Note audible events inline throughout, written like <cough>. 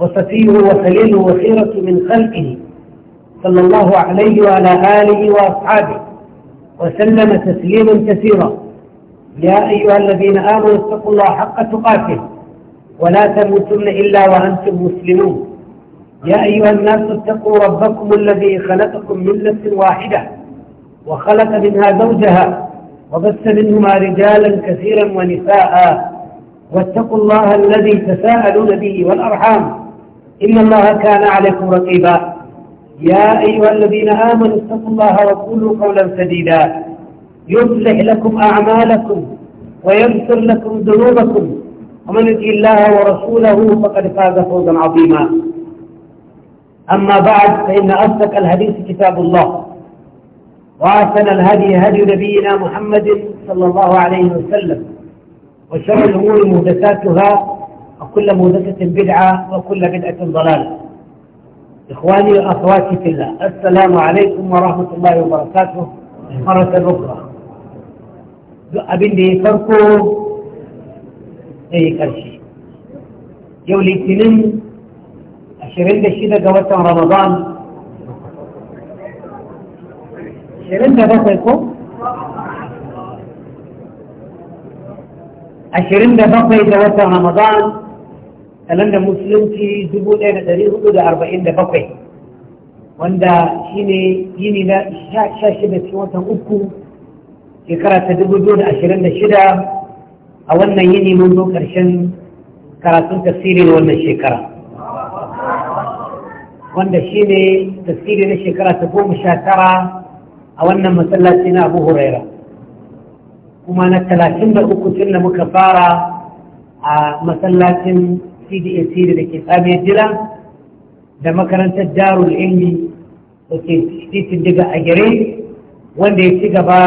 وفتيه وخليله وخيرة من خلقه صلى الله عليه وعلى آله وأصحابه وسلم تسليما كثيرا يا أيها الذين آمنوا اتقوا الله حق تقاته ولا تموتن إلا وأنتم مسلمون يا أيها الناس اتقوا ربكم الذي خلقكم من نفس واحدة وخلق منها زوجها وبث منهما رجالا كثيرا ونساء واتقوا الله الذي تساءلون به والأرحام إن الله كان عليكم رقيبا يا أيها الذين آمنوا اتقوا الله وقولوا قولا سديدا يصلح لكم أعمالكم ويغفر لكم ذنوبكم ومن يطع الله ورسوله فقد فاز فوزا عظيما أما بعد فإن أصدق الحديث كتاب الله وأحسن الهدي هدي نبينا محمد صلى الله عليه وسلم وشر الأمور محدثاتها وكل مهدسة بدعة وكل بدعة ضلالة إخواني وأخواتي في الله السلام عليكم ورحمة الله وبركاته مرة أخرى أبن لي فرقو أي كرشي يولي تنين أشرين دشينا قوتا رمضان أشرين دبقيكم أشرين دبقي قوتا رمضان رمضان da musulunci 1447 wanda shi ne yini na 16 cikin watan uku shekara ta 2026 a wannan yini mun zo karshen karatun na wannan shekara wanda shi ne tasiri na shekara ta goma sha tara a wannan masallaci na abu huraira kuma na talatin da uku tun da muka fara a masallacin tafsiri asiri da ke tsamiyar jira da makarantar darul ilmi da ke titin diga a gare wanda ya ci gaba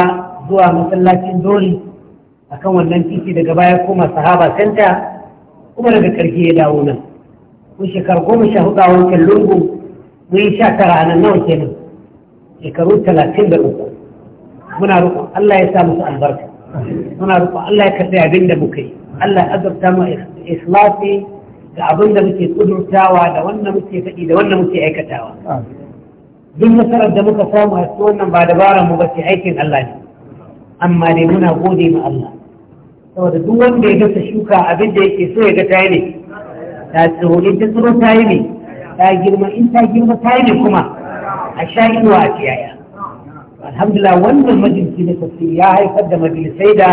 zuwa masallacin doli akan wannan titi daga baya kuma sahaba santa kuma daga karfi ya dawo nan kun shekaru goma sha hudu a wancan lungu mun yi sha tara a nan nawa kenan shekaru talatin da uku muna roƙon Allah ya sa musu albarka muna roƙon Allah ya karɓi abin da muka yi Allah ya azabta mu ikhlasi da abin da muke kudurtawa da wannan muke faɗi da wannan muke aikatawa duk nasarar da muka samu a wannan ba dabaran mu bace aikin Allah ne amma dai muna gode ma Allah saboda duk wanda ya gasa shuka abin da yake so ya ga tayi ne ta tsiro in ta tsiro tayi ne ta girma in ta girma tayi ne kuma a sha inuwa a ciyaya alhamdulillah wannan majalisi na tafsiri ya haifar da majalisai da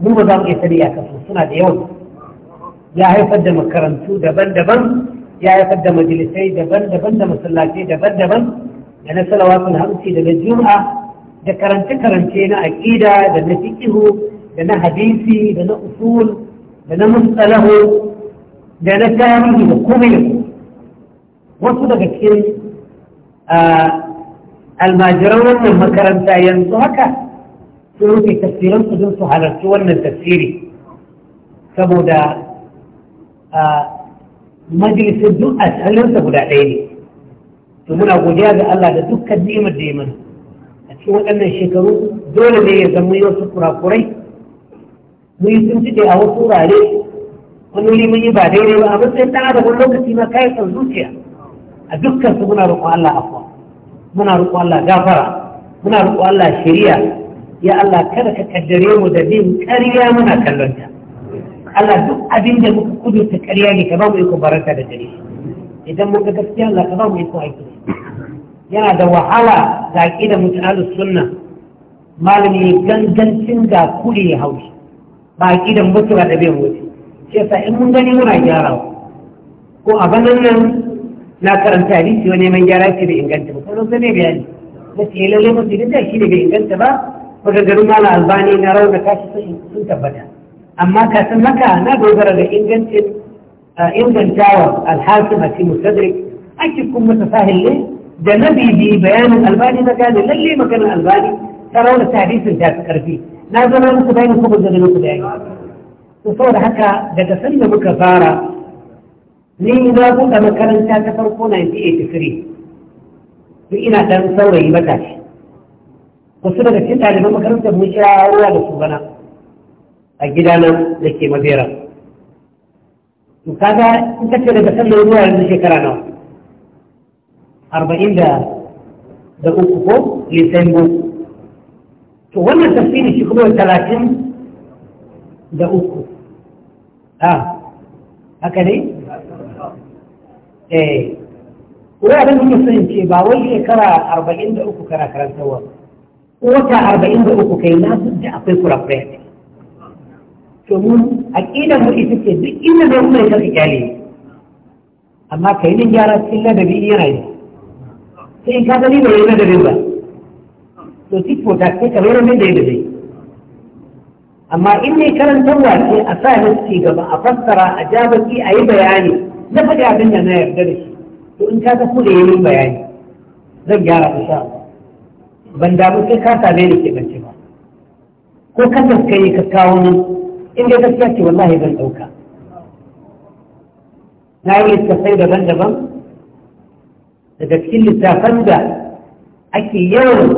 mu ba za mu iya sani a kasu suna da yawan ya haifar da makarantu daban-daban ya haifar da majalisai daban-daban da masallatai daban-daban da na salawatul hamsi da na juma'a da karance-karance na aƙida da na fikihu da na hadisi da na usul da na mustalahu da na tarihi da kuma wasu daga cikin almajiran wannan makaranta yanzu haka sun rufe tafsiransu don su halarci wannan tafsiri saboda a majalisar duk a tsalinsa guda ɗaya ne to muna godiya ga Allah da dukkan ni'imar da ya mana a cikin waɗannan shekaru dole ne ya zama yau su kurakurai mun yi sun cike a wasu wurare wani wuri mun yi ba daidai ba a sai ɗan adam wani lokaci ma kayan san zuciya a dukkan su muna roƙon Allah afwa muna roƙon Allah gafara muna roƙon Allah shari'a ya Allah kada ka kaddare mu da bin ƙarya muna kallonta Allah duk abin da muka kudurta ƙarya ne ka ba mu iko baraka da gare shi idan muka gaskiya Allah ka ba mu iko aiki yana da wahala ga da mutanen sunna malami gangancin ga kuri ya haushi ba kida mutu da bai wuce shi yasa in mun gani muna gyara ko a banan nan na karanta shi wani mai gyara shi da inganta ba sai sai ne bayani na ce lalle mutum da shi ne bai inganta ba magagaru malam albani na rauna tashi sun tabbata amma kafin haka na dogara da ingancin ingantawa alhasim a cikin musadrik ake kuma tasahil ne da na bibi bayanin albani na gane lalle maganar albani ta rauna ta hadisin ta fi karfi na zama muku bayanin kuma zama muku bayani to da haka daga sanda muka fara ni na buɗe makaranta ta farko 1983 duk ina ɗan saurayi matashi kusa daga cikin ɗaliban makarantar mun kira ruwa da su bana a gida nan da ke mabera to kaga in ce daga sallar zuwa yanzu shekara nawa arba'in da da uku ko lisan to wannan tafsiri shi kuma talatin da uku a haka ne eh kuma abin da muke ce ba wai shekara arba'in da uku kana karantarwa wata arba'in da uku kai na da akwai kurakurai to a aqidar mu ita ce duk inda zai kuma ya kyale amma kai ne gyara cikin ladabi iya rayu sai in ka gani bai yi ladabin ba to tikko ta sai ka bayar mai da yadda zai amma in ne karantarwa ce a sa ci gaba a fassara a ja baki a yi bayani na faɗi abin da na yarda da shi to in ka ga ku da yi bayani zan gyara insha ban damu sai ka same ni ke bance ba ko ka yi ka kawo in dai gaskiya ce wallahi zan ɗauka na yi littattafai daban-daban daga cikin littattafan da ake yawan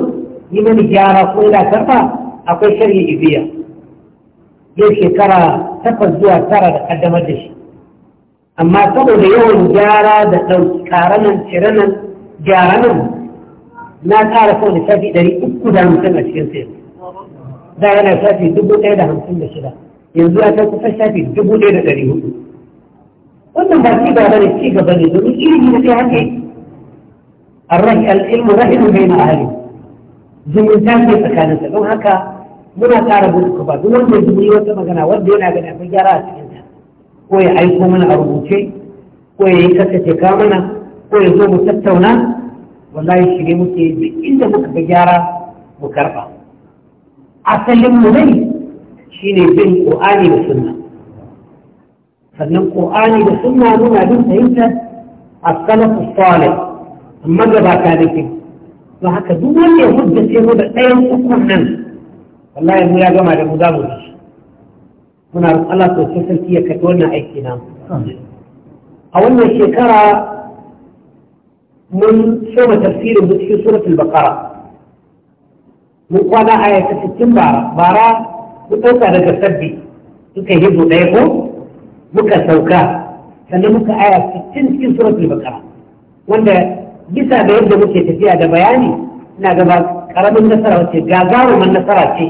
yi mani gyara ko yana karɓa akwai shari'a ibiya yau shekara takwas zuwa tara da kaddamar da shi amma saboda yawan gyara da nan, gyara nan, na ƙara sau da shafi ɗari uku da hamsin a cikin sayar da yana shafi dubu ɗaya da hamsin da shida yanzu ya kai kusan shafi dubu ɗaya da ɗari hudu wannan ba ci gaba ne ci gaba ne domin ilimi da sai haka yi arrahi al'ilmu rahimu bai na ahali zumunta ce tsakaninsa don haka muna ƙara buɗe ba duk wanda ya yi wata magana wanda yana gani akwai gyara a ta. ko ya aiko mana a rubuce ko ya yi kasace ka mana ko ya zo mu tattauna wallahi shirye muke duk inda muka ga gyara mu karɓa asalin mu dai shine bin qur'ani da sunna sannan qur'ani da sunna muna bin fahimtar as-salaf as-salih amma da ba ka dake to haka duk wanda ya ce mu da ɗayan ukun nan wallahi mu ya gama da mu za mu ji muna roƙon Allah sosai sai ya kaɗi wannan aiki na a wannan shekara mun soma tafsirin mu cikin suratul baqara mun kwana aya ta 60 bara bara mu ɗauka daga sabbi suka yi ɗaya ko muka sauka sannan muka aya cikin cikin suratul baqara wanda bisa ga yadda muke tafiya da bayani ina gaba karamin nasara ce gagarumin nasara ce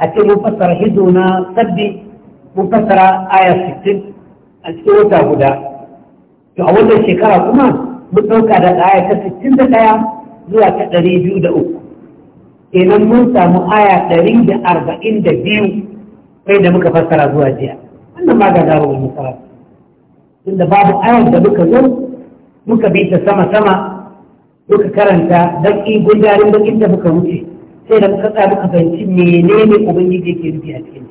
a ce mun fassara hizo na sabbi mun fassara aya 60 a cikin wata guda to a wannan shekara kuma mun ɗauka da aya ta 61 zuwa ta 203 kenan mun samu aya ɗari da arba'in da biyu kai da muka fassara zuwa jiya wannan ma ga dawo wani sarari tunda babu ayar da muka zo muka bi ta sama-sama muka karanta don in gudarin don inda muka wuce sai da muka tsaya muka fahimci menene ubangiji yake nufi a cikin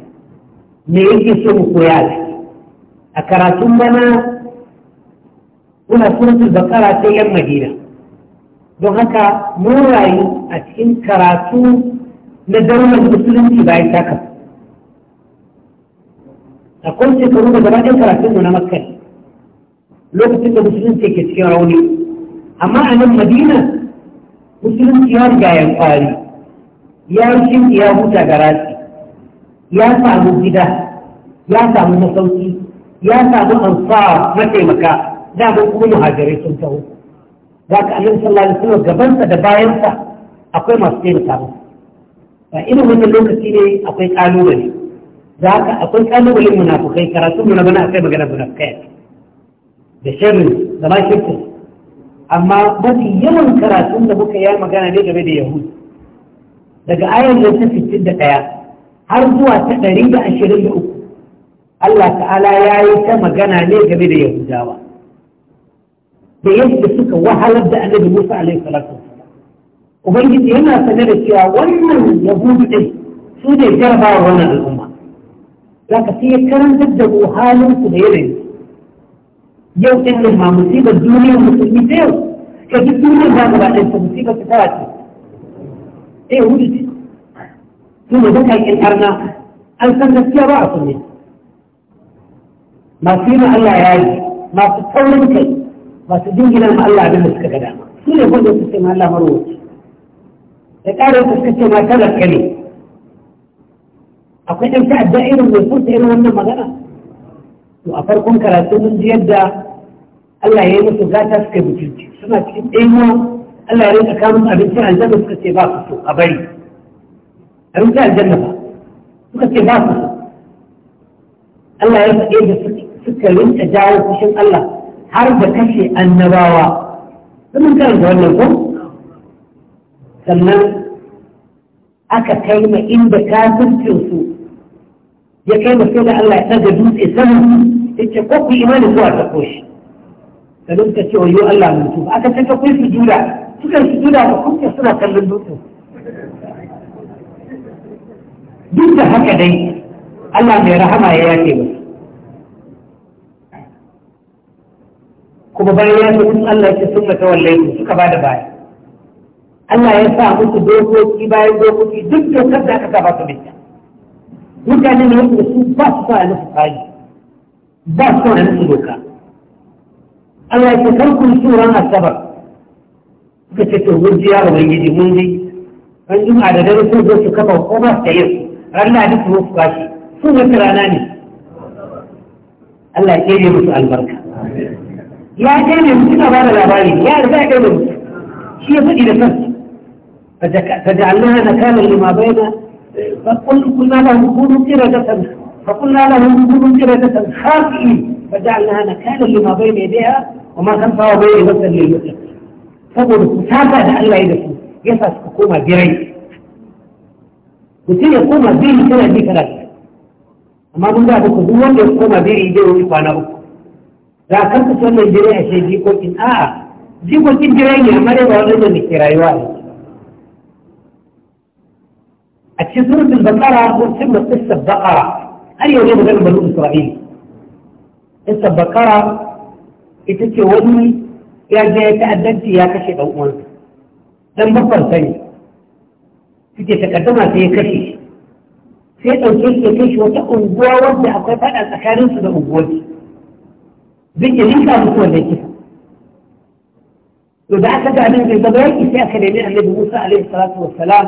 me yake so mu koya a a karatun bana muna suratul bakara ta yan madina don haka mun a cikin karatu na daular musulunci bayan taka akwai shekaru da gaba ɗin karatun na makka lokacin da musulunci ke cikin rauni amma a nan madina musulunci ya riga ya kwari ya yi ya huta ga rasi ya samu gida ya samu masauki ya samu ansar mataimaka da kuma muhajirai sun taho za ka annabi sallallahu alaihi wasallam gabansa da bayan sa akwai masu taimaka masa a ina wannan lokaci ne akwai kalubale za ka akwai kalubale munafikai karatu mu na bana akai magana munafukai da sharri da ma shirkin amma mafi yawan karatun da muka yi magana ne game da yahudu daga ayar da ta fitin da ɗaya har zuwa ta ɗari da ashirin da uku Allah ta'ala ya yi ta magana ne game da yahudawa da yadda suka wahalar da annabi Musa alaihi salatu Ubangiji yana sane da cewa wannan yahudu din su ne jarabawa wannan al'umma za ka sai ya karantar da halin su da yanayi yau din nan ma musibar duniyar musulmi ta yau ka duk duniyar za mu baɗin ta musibar ta tawa ce eh yahudu ce su ne zaka yi karna an san gaskiya ba a kunne masu yi Allah ya yi masu taurin kai ba su jingina ma Allah abin da suka ga dama su ne wanda suke ma Allah marwaci da ƙarin suka ce ma talaka ne akwai ɗan ta'adda irin mai furta irin wannan magana to a farkon karatu mun ji yadda Allah ya yi musu gata suka mutunci suna cikin ɗaya Allah ya rinka kawo musu abincin aljanna suka ce ba su so a bari abincin aljanna ba suka ce ba su so Allah ya faɗe da suka rinka jawo fushin Allah har da kashe annabawa domin karanta wannan ko sannan aka kai ma inda su ya kai ma sai da Allah ya ɗaga dutse saman ya ce ko ku imani zuwa ta koshi sannan ta ce wayo Allah mun mutu aka ce ta kai su juda suka su juda ba kuka suna kallon dutse duk da haka dai Allah mai rahama ya yake musu kuma bayan ya tafi Allah ya ce ta wallahi suka ba da baya Allah ya sa muku dokoki bayan dokoki duk dokar da aka ba su mai mutane ne wanda su ba su sa nufi tsari ba su sa nufi doka Allah ya ce kar ku su ran asabar suka ce to mun ji yaro mai gidi mun ji an yi ma da dare sun zo su kafa ko ba su yi ran na duk su kwashi sun wata rana ne Allah ya kere musu albarka ya kai ne su suna ba da labari ya riga ya kai da mutu shi ya faɗi da kansa فجعلناها نكالا لما بين فقل كنا لهم كونوا قردة فقلنا لهم كونوا قردة خاطئين فجعلناها نكالا لما بين يديها وما خلفها وبين مثل للمطلق saboda ku saba da Allah ya da su ya sa suka koma birai mutum ya koma biri tana bi kana amma mun da ku duk wanda ya koma biri zai wuce kwana uku za a kanta son Najeriya a ce jikokin a jikokin jirai ya amma dai ba wani da ke rayuwa ne a cikin surutun bakara ko cin da tsissar bakara har yau ne maganar balu Isra'ila tsissar bakara ita ce wani ya je ya ta'addanci ya kashe ɗan uwansa dan babban sani suke takaddama sai ya kashe sai ɗauke shi ya kai shi wata unguwa wanda akwai faɗa tsakaninsu da unguwarsu zai iya rinka musu wannan kisa to da aka ga abin bai zama yaki sai aka nemi annabi Musa alaihi salatu wassalam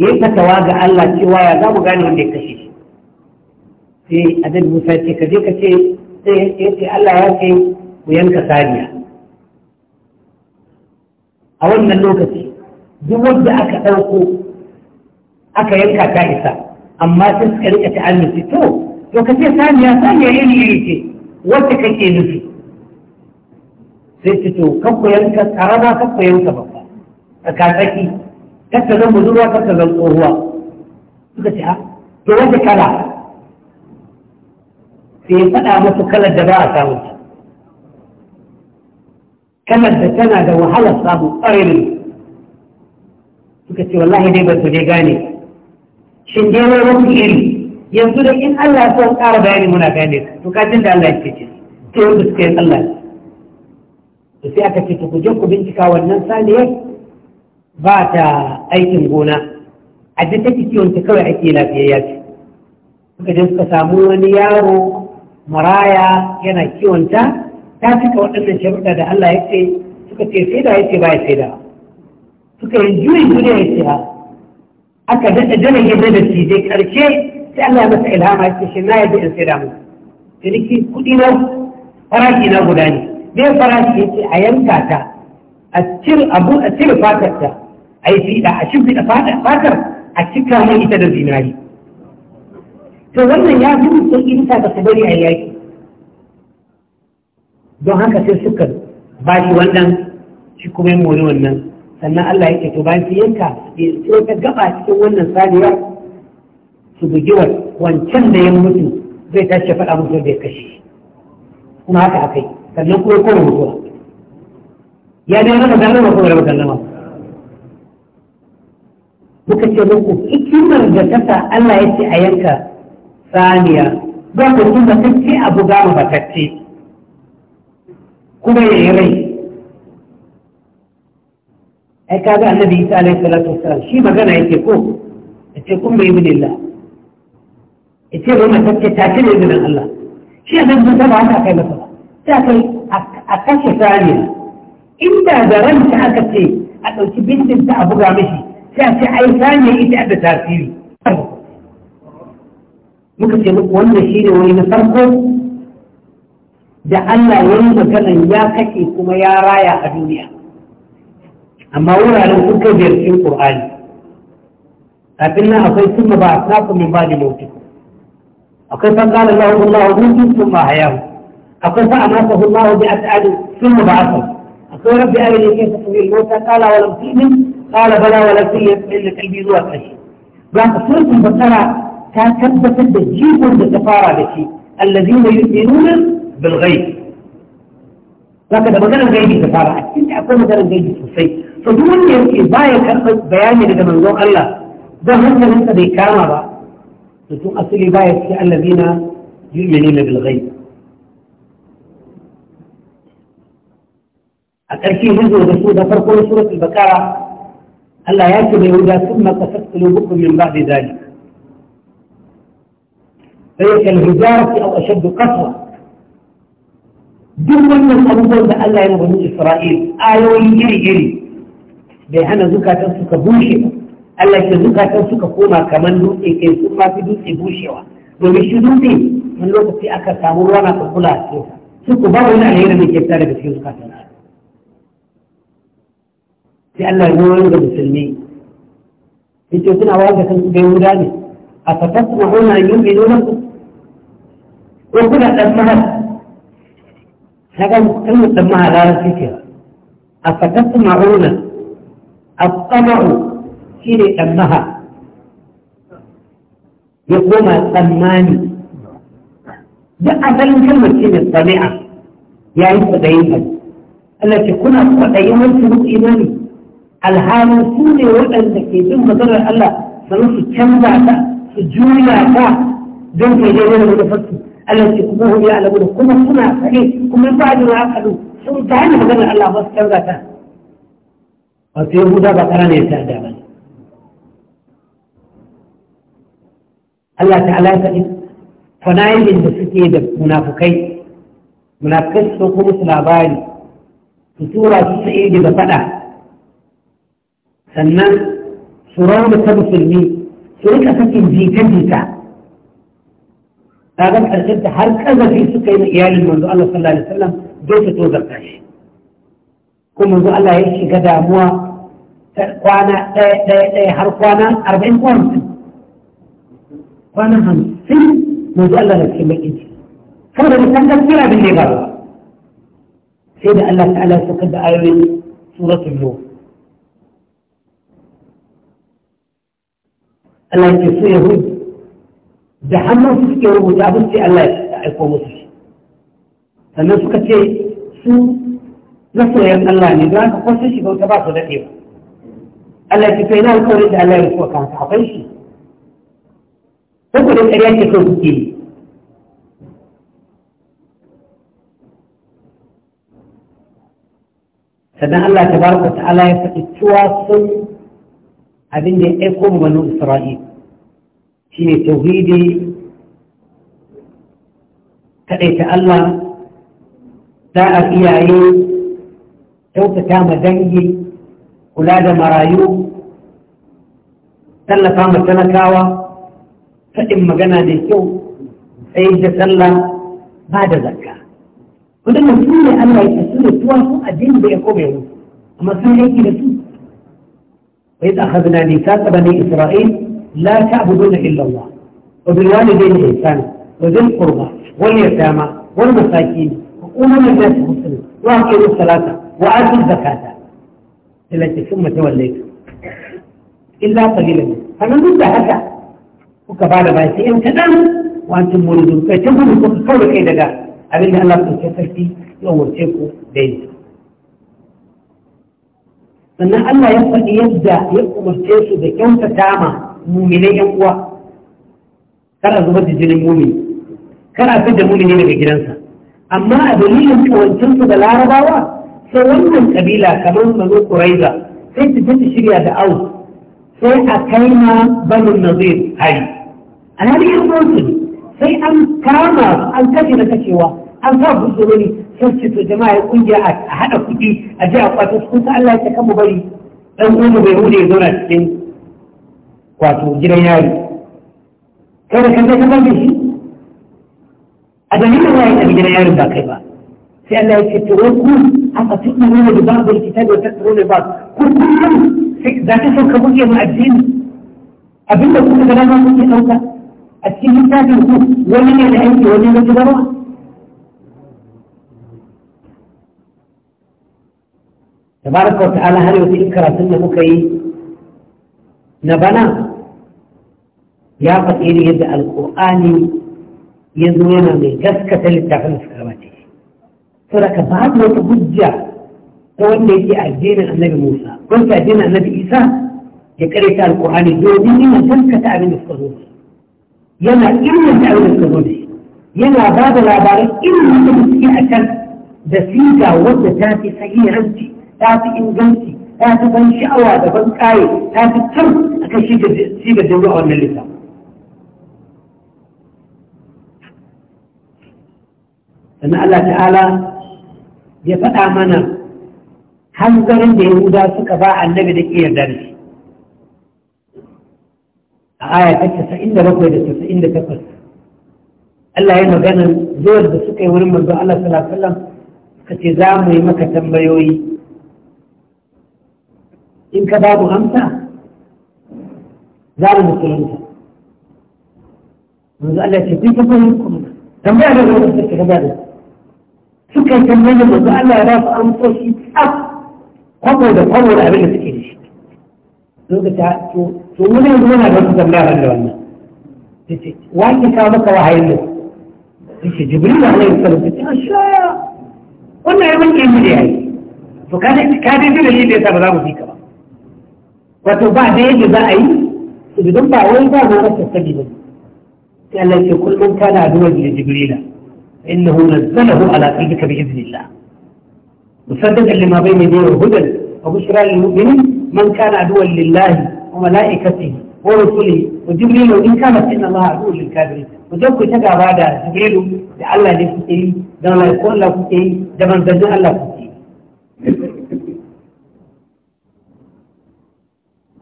yayi fatawa ga Allah cewa ya za mu gane wanda ya kashe shi sai annabi Musa ya ce ka je ka ce sai ya ce Allah ya ce ku yanka saniya a wannan lokaci duk wanda aka ɗauko aka yanka ta isa amma sai suka rika ta'annuci to to ka ce saniya saniya iri iri ce wacce kake nufi sai ce to kan ku yanka karama kan ku yanka babba a kasaki, kan ta zan budurwa kan ta zan tsohuwa suka ce ha to wacce kala sai faɗa musu kalar da ba a samu kalar da tana da wahalar samu tsarin suka ce wallahi dai ba su dai gane shin dai wani iri yanzu da in Allah ya son ƙara bayani muna gane to kajin da Allah ya ce to wanda suka yi Allah to sai aka ce to ku je ku bincika wannan saniyar ba ta aikin gona a ji ta kiwon ta kawai ake lafiyayya ce suka je suka samu wani yaro maraya yana kiwon ta ta cika waɗannan sharuɗa da Allah ya ce suka ce sai da ya ce ba ya sai da suka yi juyin duniya ya ce aka daɗa dana yadda da cije karshe ƙarshe sai Allah ya masa ilhama ya ce shi na yadda in sai da mu ciniki kuɗi na farashi na guda ne me farashi ya ce a yanka ta a cire abu a cire fatar ta a yi fiɗa a shimfiɗa fatar a cika mai ita da zinari to wannan ya fi sauƙi in ta ka bari a yaki, don haka sai suka ba shi wannan shi kuma yin mori wannan sannan Allah ya ce to ba shi yanka ya ta gaba cikin wannan saniyar su bugiwar wancan da ya mutu zai tashi faɗa musu da ya kashe kuma haka akai sannan kuma kowa mutuwa ya ne rana gallama ko rana gallama muka ce muku hikimar da ta sa Allah ya ce a yanka saniya ba ku tun batacce abu gama batacce kuma ya yi rai ai kaga annabi isa alaihi salatu wasalam shi magana yake ko ce kun bai bin Allah ita ce wannan tafke ta ce izinin Allah shi a nan mutum ba haka kai masa ba ta kai a kashe saniya inda da ranta aka ce a ɗauki bindin ta a buga mishi sai a ce ai saniya ita da tasiri muka ce muku wannan shi ne wani na farko da Allah ya yi maganan ya kake kuma ya raya a duniya amma wuraren kuka biyar cikin kafin nan akwai sun ba a safa ba da mautuku أقصى قال الله الله منك ثم أحياه أقصى أماته الله بأسعد ثم بعثه أقصى رب أبي كيف تقول الموتى قال ولم تؤمن قال بلى ولا تؤمن إن قلبي ذو أكشي بعد سورة البقرة كان كبسة تجيب الكفارة بشي الذين يؤمنون بالغيب لكن مثلا الغيب كفارة انت أقول مثلا الغيب كفي فدون يمكن باية كرقة بياني لدى من الله ده هم من انت بيكامة لتؤثر إباية الذين يؤمنون بالغيب التركيز هزو الرسول ده فرق سوره البكارة ألا ياتي بيهودا ثم قصد قلوبكم من بعد ذلك فهي كالهجاره أو أشد قسوه. دون من الأول الا ينظر إسرائيل ايوه إيري إيري بيهانا زكاة تنسك بوشك Allah ke zukatan suka koma kamar dutse kai sun ma fi dutse bushewa domin shi dutse wani lokaci aka samu ruwa na kula a cikin su ku ba wani alheri da ke fita daga cikin zukatan sai Allah ya wani ga musulmi yace kuna wanda kan ku ga yahuda ne a fatasna huna yu'minu lakum ko kuna dan mahal kaga kun dan mahal ran ce a fatasna a الطمع shi ne tsammaha ya koma tsammani da asalin kalmar shi ne sami'a ya yi kwaɗayin abu Allah ce kuna kwaɗayin wancan mutu imani alhalin su ne waɗanda ke jin maganar Allah sannan su canza ta su juya ta don kai dai wani manufarsu Allah ce kuma hu ya alamu kuma suna sane kuma ba da akalu sun gane maganar Allah ba su canza ta wato yahuda ba ƙarana ya ta da ba ne Allah ta'ala ya faɗi fana'ilin da suke da munafukai munafukai su kuma su labari su tura su sai da faɗa sannan su rauna ta musulmi su rika sakin jita-jita kaga ƙarshen ta har ƙazafi suka yi na iyalin manzo Allah sallallahu alaihi wasallam don su tozarta shi kuma manzo Allah ya shiga damuwa ta kwana ɗaya ɗaya ɗaya har kwana arba'in ko hamsin ونحن في مجلل السمكتي فهذا بسنجة فيها باللي قال سيدة الله تعالى سكد آية من سورة النور الله يتسوي يهود دحما سكي ومتابس في الله يتعقو مصري فأنا سكت سو نسو يا ابن الله نبلان فقوصي شي فوتباسو ذكيب الله يتسوي يهود الله يتسوي يهود الله يتسوي يهود Muku da ƙarya ke so suke yi. Sannan Allah ta baraka ta'ala ya faɗi cewa sun abin da ya aiko mu banu Isra'il shi ne tauhidi kaɗaita Allah da'ar iyaye kyautata ma dangi kula da marayu tallafa ma talakawa فإن مجانا ديكو أي جسلا بعد ذكا وده مسلمي أن الله يتسلل توافو أدين بيكوبه أما سنه يكي لسو وإذ أخذنا نيسان بني إسرائيل لا تعبدون إلا الله وبالوالدين الإنسان وذي القربة واليتامى والمساكين وأمم الناس المسلم وأقيموا الصلاة وآتوا الزكاة التي ثم توليتم إلا قليلا فمن ضد هذا kuka ba da baki in kaɗan wancan muridun kai ta gudu kuka kawo kai daga abin da Allah kuka sarki yawan umarce ku da yi sannan Allah ya faɗi yadda ya umarce su da kyauta dama, muminai yan uwa kana zubar da jinin mumini kana fitar da mumini daga gidansa amma a dalilin kawancinsu da larabawa sai wannan kabila kamar mazo kuraiza sai ta shirya da aus sai a kai ma banin nazir hari الهدي الموجود في أن كاما أن تجد تشوى أن فرض الزمني فرشت الجماعة يقول يا أك أحد أكدي أجاء قاتل سكوت أن لا يتكم بلي أن أم بيهودي ذو نفس قاتل جريال كان كان ذلك بلده أدنين الله يتبي جريال باقبا في أن لا يتكترون حتى تؤمنون ببعض الكتاب وتكترون ببعض كل كل يوم ذات سوكبوية مؤدين أبنى كل كلامة في أوتا التلك في الخوف ومن العلم ومن الجبراء تبارك وتعالى هل يتلك رسلنا مكي نبنا يا قتيل يد القرآن يزوينا من جسكة للتعفل السكرماتي فلك بعد ما تبجع قولنا يجي أجينا النبي موسى قلت أجينا النبي إيسا يكريت القرآن الجودي من جسكة أبن السكرماتي yana irin da aure da zo yana ba da labaran irin da suke a can da siga wadda ta fi sahihanci ta fi inganci ta fi ban sha'awa da ban kaye ta fi tar a kan siga jirgin a wannan lissafi sannan Allah ta'ala ya faɗa mana hanzarin da Yahuda suka ba annabi da ke yarda da shi a aya ta casa'in da bakwai da casa'in da takwas Allah ya yi magana zuwar da suka yi wurin manzo Allah sallallahu alaihi wasallam suka ce za mu yi maka tambayoyi in ka babu amsa za mu musulunta manzo Allah ce kun tafi yin kuma tambaya da wani suka gaba da suka da manzo Allah ya ba su amsoshi tsaf kwabo da kwabo da abin da suke da shi lokaci to to muna yanzu muna da wasu tambaya da wannan tace wa ki kawo maka wahayin da tace jibril alaihi salam tace asha wannan yayin ke mu da yayi to ka dai ka dai da shi da yasa ba za mu fika ba wato ba da yadda za a yi idan ba wai ba na rasa sabi ba sai Allah ya ce kullum kana duwa da jibrila innahu nazzalahu ala qalbika bi idnillah musaddiqan lima bayna yadayhi hudan wa bushra lil mu'minin من كان عدوا لله وملائكته ورسله وجبريل وإن كان إن الله عدو للكافرين وجبك تقع بعد جبريل لعل لكتي ده ملائكون لكتي ده من بزن لكتي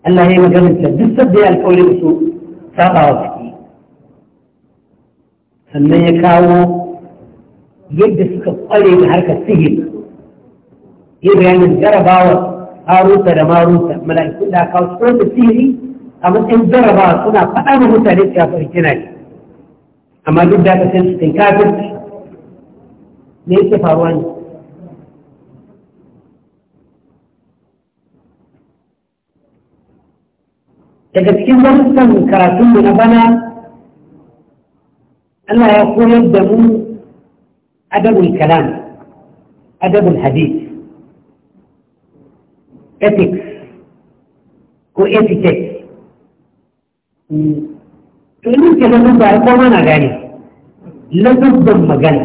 ألا هي مجالسة جسد دي الكولي بسوء سابع وفكي sannan يكاو يدسك yadda suka kware da harkar sihir haruta da maruta mala'iku da kawo su da sihiri a matsayin jarabawa, suna faɗa da mutane cewa fa kina ne amma duk da ka san cikin kafin ne yake faruwa ne daga cikin karatun karatunmu na bana Allah ya koyar da mu adabul kalam adabul hadith ethics ko etiquette to yi ke da ba ko mana gane ladabban magana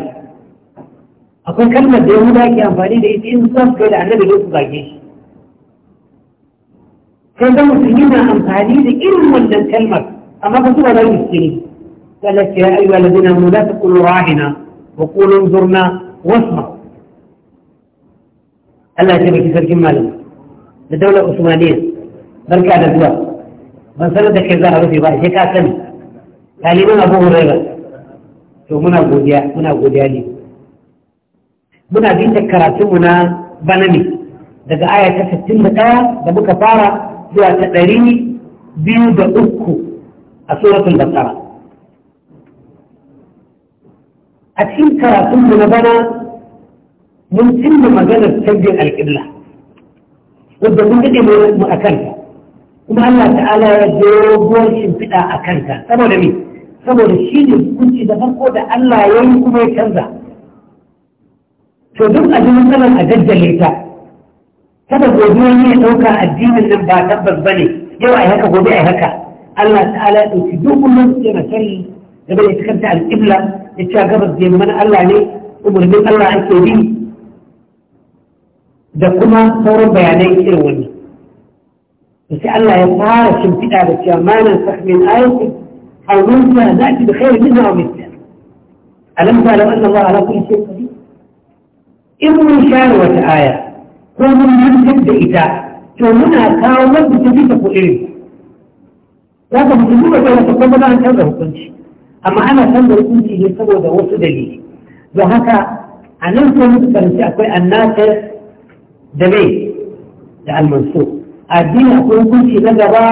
akwai kalmar da yahuda ke amfani da ita in sa kai da annabi ne su zage shi sai da musulmi na amfani da irin wannan kalmar amma ba su ba da musulmi قالت يا أيها الذين آمنوا لا تقولوا راعنا وقولوا انظرنا واسمعوا الله يجبك في سرك مالك da daular usmaniya barka da zuwa ban sanar da kai za a rufe ba sai ka sani taliban abu huraira to muna godiya muna godiya ne muna bin da karatunmu na bana ne daga aya ta 61 da muka fara zuwa ta ɗari biyu da uku a suratul bakara a cikin karatunmu na bana mun cimma maganar canjin alƙibla wadda kun daɗe mu a kanta kuma Allah ta'ala ya dogon shimfiɗa a kanta saboda me saboda shi ne hukunci da farko da Allah ya yi kuma ya canza to duk a ji a daddale ta kada gobe ne ya ɗauka addinin nan ba tabbas ba ne yau a haka gobe a haka Allah ta'ala ya ɗauki duk kullum yana sani da bai cikanta al'ibla ya ci gabas da mana Allah ne umarnin Allah ake bi da kuma sauran bayanai irin wani sai Allah ya fara shimfiɗa da cewa manan sahmin ayati aw nunsa zati bi khairin minha aw mithliha alam ta law anna Allah ala kulli shay'in qadir in mun share wata aya ko mun mantar da ita to muna kawo wanda ta bi ta ko irin za ka mutum ba ta kuma ba an canza hukunci amma ana san da hukunci ne saboda wasu dalili don haka a nan sai muka karanci akwai annasir da mai da almansu addini akwai hukunci na gaba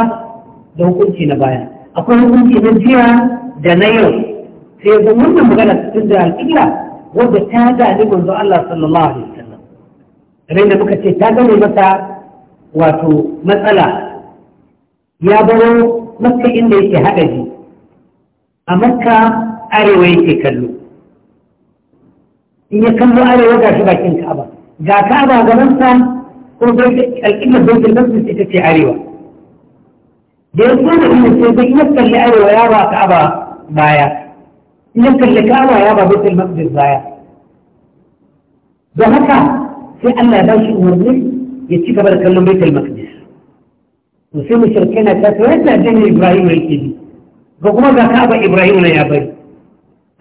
da hukunci na baya akwai hukunci na jiya da na yau sai yanzu wannan magana cikin da alƙila wadda ta gani manzo Allah sallallahu alaihi wasallam kamar muka ce ta gane masa wato matsala ya baro makka inda yake haɗari a makka arewa yake kallo in ya kallo arewa ga shi bakin ka'aba ga kaba gabansa ko alƙiblar baitul maqdis ita ce arewa da ya so da ina sai zai iya kalli arewa ya ba kaba baya ina kalli kaba ya ba baitul maqdis baya don haka sai Allah ya ba shi umarni ya ci gaba da kallon baitul maqdis to sai mushrikai na ta tsaye da jinin Ibrahim ya yake bi ga kuma ga kaba Ibrahim ne ya bari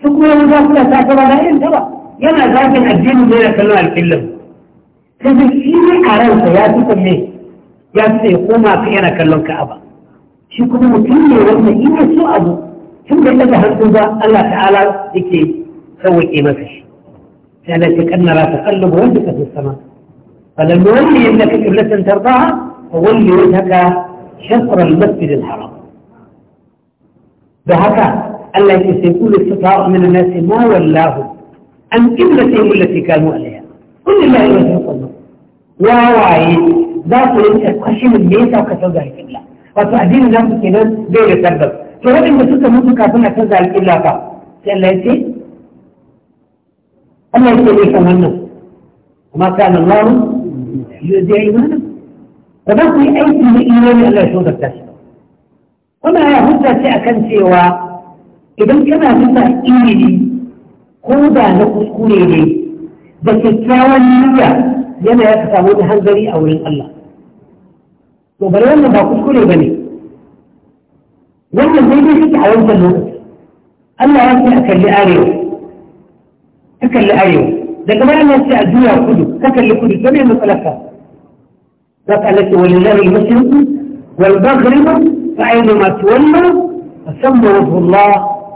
su kuma wanda suna ta gaba da yin ta ba yana zafin addinin ne da kallon alƙillar kaji shi ne a ransa ya fi kunne ya fi ya koma ka yana kallon ka'aba shi kuma mutum ne wanda in ya so abu tun da daga hannu ba Allah ta'ala yake sauwaƙe masa shi sai Allah ya kannara ta kallon wanda ka fi sama falan wanda yanda ka kiblatan tarbaha fa wanda wajhaka shatr al-masjid al-haram da haka Allah yake sai kullu sita'a min an-nas ma wallahu an qiblatihim allati kanu alayha kullu la ilaha illa Allah wawaye za su kashi mai me yasa ka canza alƙibla wato addinin ke kenan bai da tabbas to waɗanda suka mutu kafin a canza alƙibla fa sai Allah ya ce Allah ya ce ne kan wannan kuma yau zai yi imanin ba za ku yi aiki na imani Allah ya shoda ta shi wannan ya hujja ce kan cewa idan kana bisa ilimi ko da na kuskure ne da kyakkyawan niyya yana ya ka samu hanzari a wurin Allah to bari wannan ba kuskure ba ne wannan daidai suke a wancan lokaci Allah ya ce a kalli arewa ka kalli arewa daga bayan ya ce a juya kudu ka kalli kudu to ne matsalarka za ka alaƙi walillahi al-mashriqu wal maghribu fa ayna ma tuwalla fa samma wajhullah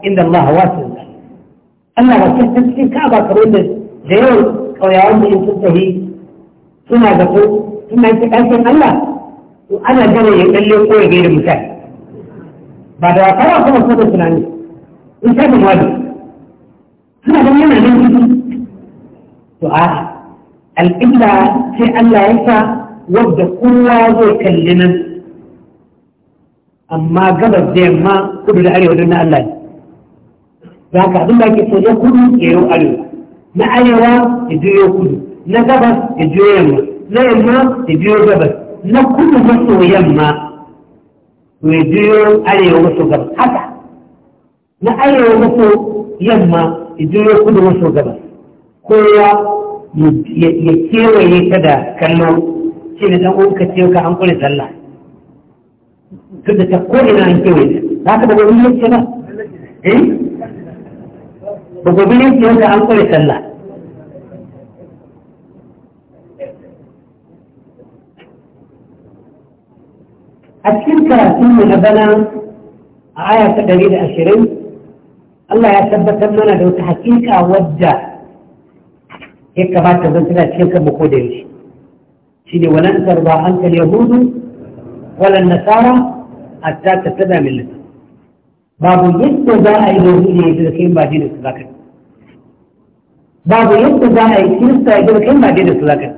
inda Allah wasi'un Allah ba ta cikin ka ba kamar da yawan kauyawan da in sun tafi suna da ko suna ci ƙarshen Allah to ana gane ya kalle ko ya gaida mutane ba da fara kuma ko da tunani in ta kuma wani suna da yana nan ciki to a al'illa sai Allah ya sa wadda kowa zai kalli nan amma gabas da yamma kudu da arewa don na Allah ne za ka abin da ke so ya kudu ya yi arewa na arewa ya juyo kudu na gabas ya biyo yamma na yamma ya biyo gabas na kudu maso yamma mai biyo arewa maso gabas haka na arewa maso yamma ya biyo kudu maso gabas kowa ya kewaye ta da kallo ce ne dan uka ce ka an kure sallah tun da ta na an kewaye ta za ka da wani yanke ba eh ba gobe yanke ka an kure sallah a cikin karatun mu na bana a aya ta ɗari da ashirin Allah ya tabbatar mana da wata hakika wadda ya kamata zan tana cikin kan mako da yaushe shi ne walan tarba an kal yahudu walan nasara hatta ta tada millata babu yadda za a yi wani ne yadda kai ba dinin su zaka babu yadda za a yi kirista yadda kai ba dinin su zaka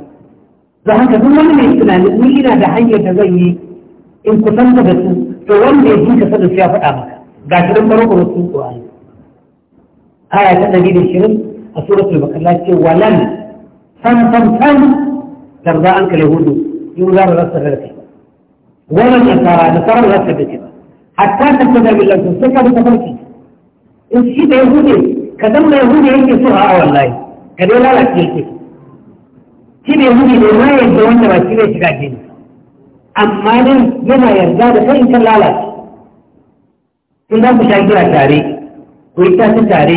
don haka duk wani mai tunanin ni ina da hanyar da zan yi in ku san da su to wanda ya jika ka sanin ya faɗa maka ga shi dan baro baro sun Qur'ani aya ta shirin a suratul baqara ce walan san san san tarda anka yahudu yuzar rasul da kai wala ta fara da rasul da kai hatta ta tada billahi sun ka da farki in shi da yahudu kadan da yahudu yake so a wallahi ka dai lalace yake shi da yahudu ne ma yadda wanda ba shi ne shiga gidi amma nan yana yarda da sai kan lalace Kun za ku sha gira tare ku yi tasu tare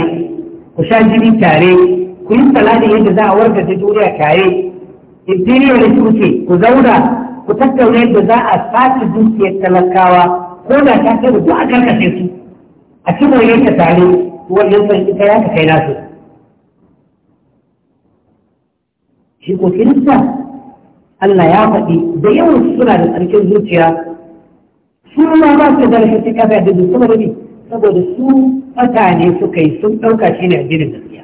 ku sha jini tare ku yi salatin yadda za a warka ta duniya tare in da kuke ku zauna ku tattauna yadda za a sace dukiyar talakawa ko da ta kai duk a karkace su a ci mai ta tare wannan sai ita ya ka kai nasu shi ko kirista Allah ya faɗi da yawan suna da tsarkin zuciya su ma ba su da rashin kafa da su kuma rabi saboda su mutane suka yi sun ɗauka shi ne addinin gaskiya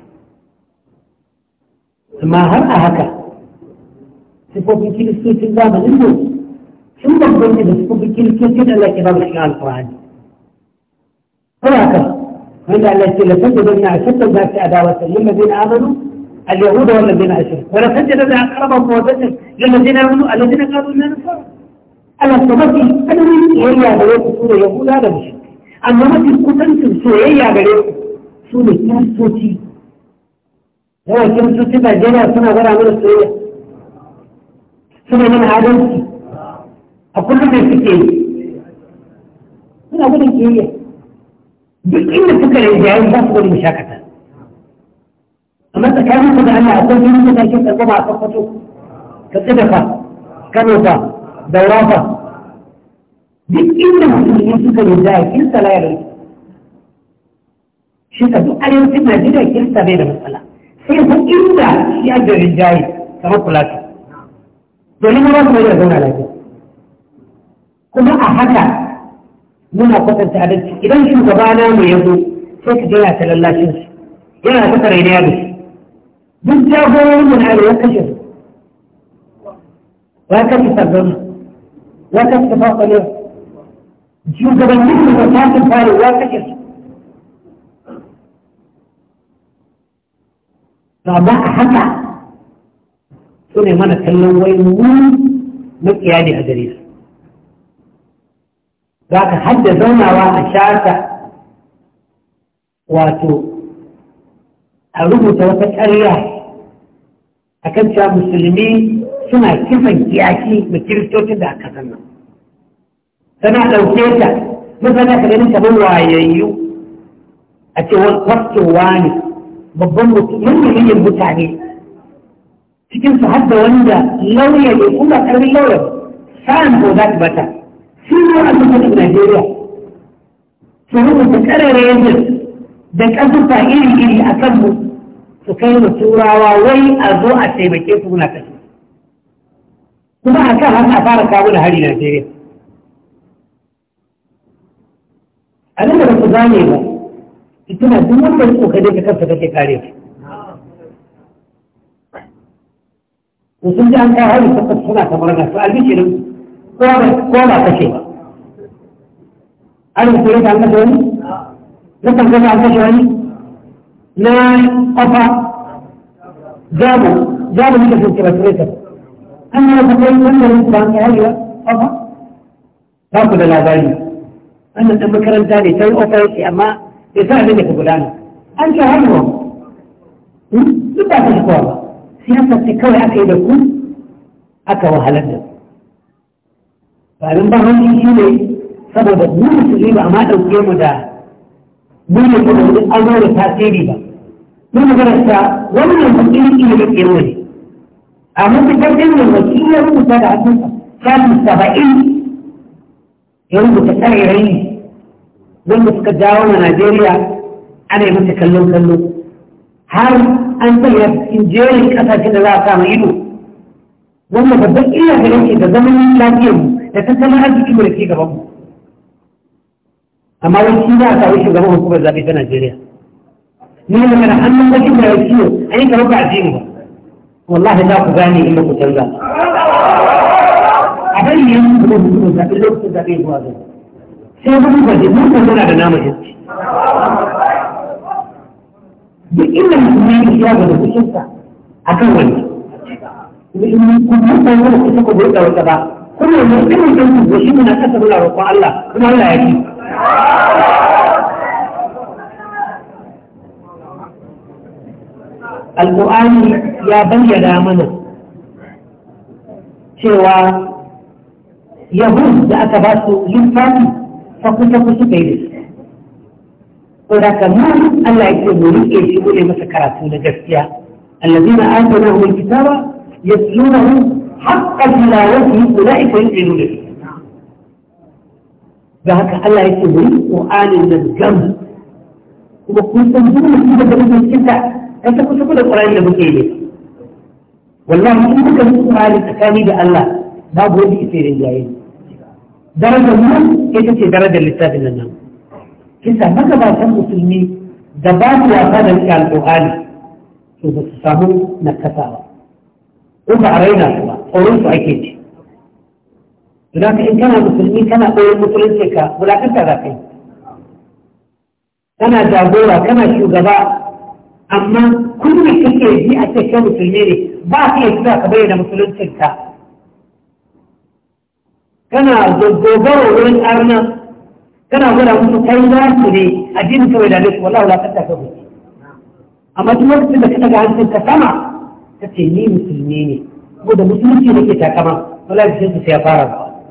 amma har a haka sifofin kiristocin zamanin mu sun bambanta da sifofin kiristocin Allah ke ba mu shiga alƙur'ani kuma haka wanda Allah ke lafiya da na a shakkan za su adawa sallin da zai na amanu اليهود والذين أشركوا ولا تجد الذين أقربهم وتجد للذين آمنوا الذين قالوا إنا نصارى انا تمثل أنني هي يا بريك سورة يهود هذا الشرك أن تمثل كنت سورة يا بريك سورة كم سوتي هو كم سوتي بعد جنة سنة غير عمل السورة سورة من عالمتي أقول لك في كيف أنا أقول لك إيه بس إن فكر الجاهل بس هو المشاكة ومن كان يقصد ان عبدون في مدة يشوف الجمعة صفته فالصدقة كنوطة دورافة دي كل المسلمين في كل مزاي كل سلايل شفت دو أنا يمكن أن أجد كل سبيل مسألة سيكون كل ذا في أجد الرجاي كما قلت ولم يرد ما يرزون عليك كما أحدا من أقوة سعدت إذا نشوف بانا ما يدو سيك جلاس لله شوش جلاس أكثر إليه من جابون من علي الأجر لا كيف تظن لا كيف تفاصل جوز من مثل مكانت الفارغ لا كيف فأبا أحدع ثم ما نتكلم ويمون من إعادة أدريس ذاك حد زونا وأشارته واتو a rubuta wata ƙarya a kan cewa musulmi suna kisan kiyaki da kiristocin da aka sanna tana ɗauke ta masana ka ganin kamar wayayyu a ce kwastowa ne babban mutumin mutane cikin su hadda wanda lauya ne kuma ƙarfin lauya sa'an ko za ta bata su ne a cikin Najeriya su rubuta yanzu da ƙasufa iri-iri a kanmu su kai mu turawa wai a zo a taimake su muna kashi kuma a kan haka fara kawo da hari Najeriya. A nan da ba ku zane ba, tuna duk wanda ya tsokane ka kansa kake kare su. To sun ji an kai hari ta suna kamar na su albishirin ko ba kashe ba. An rufe da an kashe wani? Na kan gama an kashe wani? نعم قفا جابوا جابوا من كثير كبير كبير أنا أقول أن الإنسان أهلها أيوة، قفا تأكل لا بالي أن المكر الثاني تل أفاي في أما يساعد أن يقول أنا أنت أهلها لبعض الأخوة سياسة تكوي أكا إذا كن أكا وهلدن فألنبه هل يجيلي سبب نور سليم أمان القيام دار mun ne kuma wani an zo da tasiri ba mun magana ta wannan mutum ne da ke wani a mutukar ɗin da wasu ya rubuta da hannunsa samun saba'in ya rubuta tsarairayi wanda suka jawo na Najeriya ana yi mata kallon kallo har an sanya cikin jerin ƙasashe da za a samu ido Wannan babban illa da yake da zaman lafiyarmu da tattalin arziki mu da ke gabanmu amma wani shi za a samu shugaban hukumar zaɓe ta Najeriya ni ne mana hannun bakin da ya ciwo a yi karɓar a jini ba wallahi za ku gane in ba ku canza a bari ne yanzu kuma hukumar zaɓe lokacin zaɓe zuwa zuwa sai kuma kwaje mun kwaje na da nama jinci da inda musulmi ya ga da kushinsa a kan wani kuma in kun mutane da kusa ku burɗa wata ba kuma mun irin da ku shi ne na kasa muna roƙon Allah kuma Allah ya ji Al-Qur'ani ya bayyana mana cewa Yahud da aka ba su littafi fakuta kusa suka yi da su. Ko da kamar Allah ya ce mu riƙe shi mu masa karatu na gaskiya. Allazina na huwa kitaba yasluna حق تلاوته أولئك يؤمنون به da haka Allah yake wuri Qur'anin nan gam kuma kun san duk mutum da gaba mai cinta kan ta kusa da Qur'ani da muke ne wallahi in kuka yi Qur'ani tsakani da Allah babu wanda yake yayi darajar mu ita ce darajar littafin nan kisa basan musulmi da ba wasa da rike alƙur'ani to ba su samu nakasawa ko ba a raina su ba horon su ake ci don haka in kana musulmi kana ɓoyin musulunci ka wulakanta za ka yi kana jagora kana shugaba amma kullum kake yi a cikin musulmi ne ba ka yi zuwa ka bayyana musuluncinka kana dogaro wurin arna kana gwada musu kai za su ne addinin kawai da duk wallahi wulakanta ka gudu amma duk lokacin da ka daga hancin ka sama ka ce ni musulmi ne ko da musulunci da ke takama wala da sai ya fara ba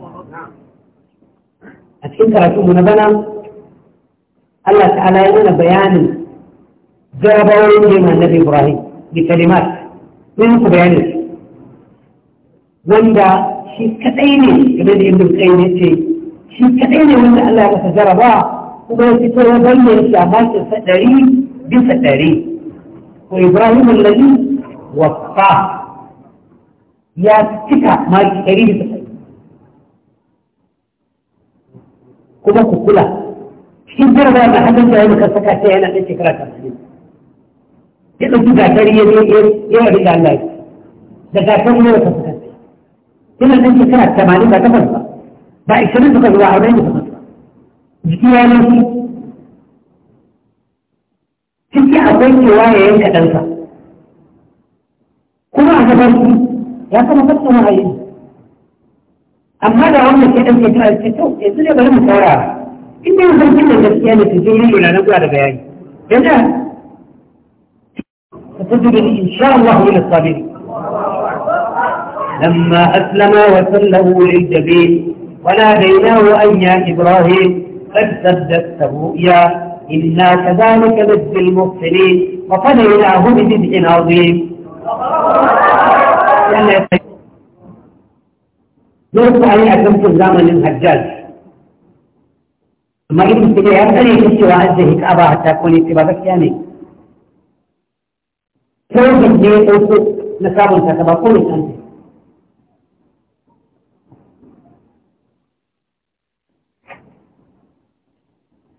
a cikin karatu mu na bana Allah ta'ala ya nuna bayanin jarabawoyin da yana nabi Ibrahim bi kalimat mun ku bayanin wanda shi kadai ne game da ibn qayyim yace shi kadai ne wanda Allah ya masa jaraba kuma ya fito ya bayyana shi a bakin sa dari bisa dari ko Ibrahim alladhi wafa ya cika maki ɗari da kuma ku kula cikin jarabawa da hannun da ya muka saka ta yana ɗan shekara tamanin ya ɗauki gatari ya ya riga Allah ya da gatari ne wata saka yana ɗan shekara tamanin ba takwas ba ba a ishirin suka zuwa arba'in da takwas ba jiki ya nufi ciki akwai cewa ya yanka ɗansa kuma a gaban su ya kama tattauna a yi amma da wannan ke ɗauke ta ce to yanzu ne bari mu tsara in dai zargin da gaskiya ne su je yi lura na da bayani yadda ستجد إن شاء الله من الصابرين لما أسلم وسله للجبين وناديناه أن يا إبراهيم قد صدقت الرؤيا إنا كذلك نجزي المحسنين وفديناه بذبح عظيم يرفعني أكمت الزمن للهجاج ثم إذن تجي أبني كتوا أزهك أبا حتى كوني في بابك يعني كيف يجي أوكو نصاب أنت تبا كوني أنت يعني.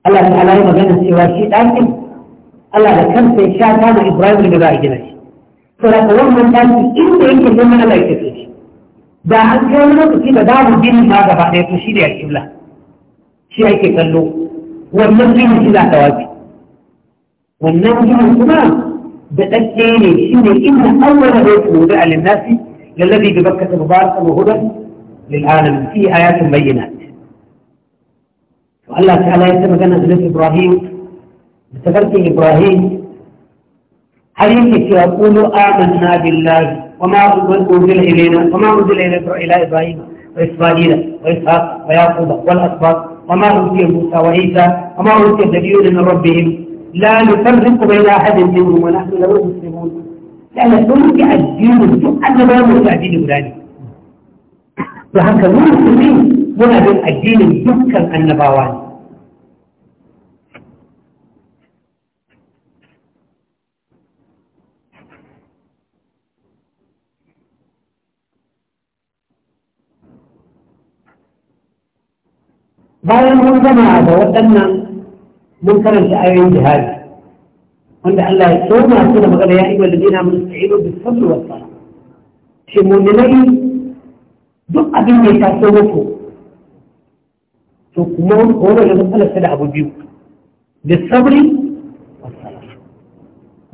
الله تعالى يبغينا سوى الشيء تأكل الله لكم في الشاعة كان إبراهيم لبائي جنسي saboda wannan ɗaki inda yake zama na mai tafi shi da an kai wani lokaci da babu gini ma gaba ɗaya to shi ne alƙibla shi ake kallo wannan gini shi za ta wafi wannan gini kuma da ɗaɗɗe ne shi ne inda awwala da yake wuce a linnasi lallabi da bakka ta mubaraka wa hudan lil'alamin fi ayatun bayyana Allah ta'ala ya ta magana da Ibrahim da tafarkin Ibrahim حديثك يقول آمنا بالله وما أنزل إلينا وما أنزل إلى إبراهيم وإسماعيل وإسحاق ويعقوب والأسباط وما أوتي موسى وعيسى وما أوتي دليل من ربهم لا نفرق بين أحد منهم ونحن له مسلمون لأن تلك الدين تؤدى ما موسى دين إبراهيم فهكذا المسلمين منعدم الدين يذكر النبوان قال لهم فما اتوقنا منكرا لاي جهاد قلت الله يسوع ما اتونا فقال يا ايها الذين امنوا استعينوا بالصبر والصلاه شمون لي دق بني تاسوكو تكمون هو اللي مثلا سيد ابو جيو بالصبر والصلاه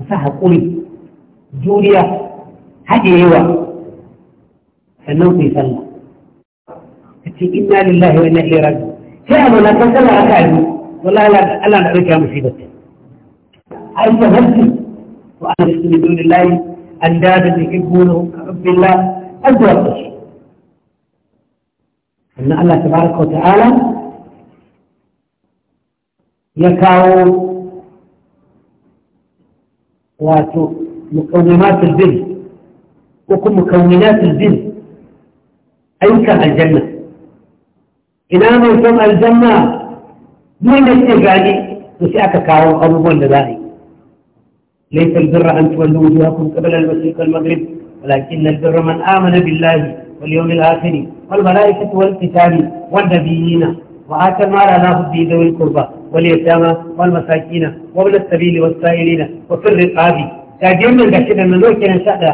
فها قولي جوليا هذه هو فنوتي سلم إنا لله وإنا إليه راجعون فعلوا لكن سمع فعلوا والله ألا نعرفها مصيبتها أنت هدي وأنا بسم الله دون الله أنداد اللي يحبونه رب الله أنت وقش أن الله تبارك وتعالى يكاو واتو مكونات الذل وكم مكونات الذل أيك الجنة ina mai son aljamma? mai da suke gani to sai aka kawo abubuwan da za a yi laifin birra an tuwa lauji ya kun kabilar masirkar magrib walakin na man amana billahi wal yau mil afini wal mala'ika tuwal kitabi wal dabiyina wa atar mara na hudu da wani kurba wal yasama wal masakina wal sabili wal sa'irina wa fil riqabi ta jirgin gashi da nan lokacin sa da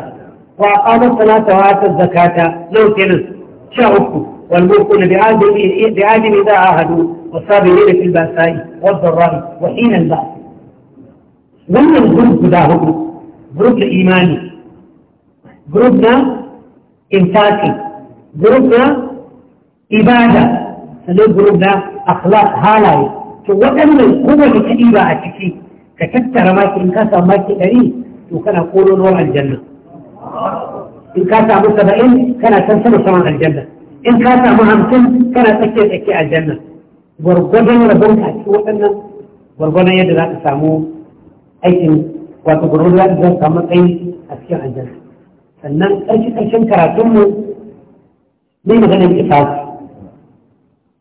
wa qama salata wa atar zakata lokacin sha uku والمؤمن بآدم إيه- بآدم إذا عاهدوا والصابرين في البأساء والضراء وحين البأس ومن الجروب ده هو جروب إيماني جروبنا إنفاقي جروبنا إبادة سلو جروبنا أخلاق هالاي تو وطن من قوة كتيبة أتكي كتبتر ما كنكاسا ما كأري تو كان أقول نوع الجنة إن كانت عبو سبعين كان تنسل سمع الجنة in ka samu hamsin kana tsakiyar a janna, gwargwadon rabon ka cikin waɗannan gwargwadon yadda za ka samu aikin wato gwargwadon za ka samu matsayi a cikin aljanna sannan ƙarshe ƙarshen karatunmu ne maganar kifafi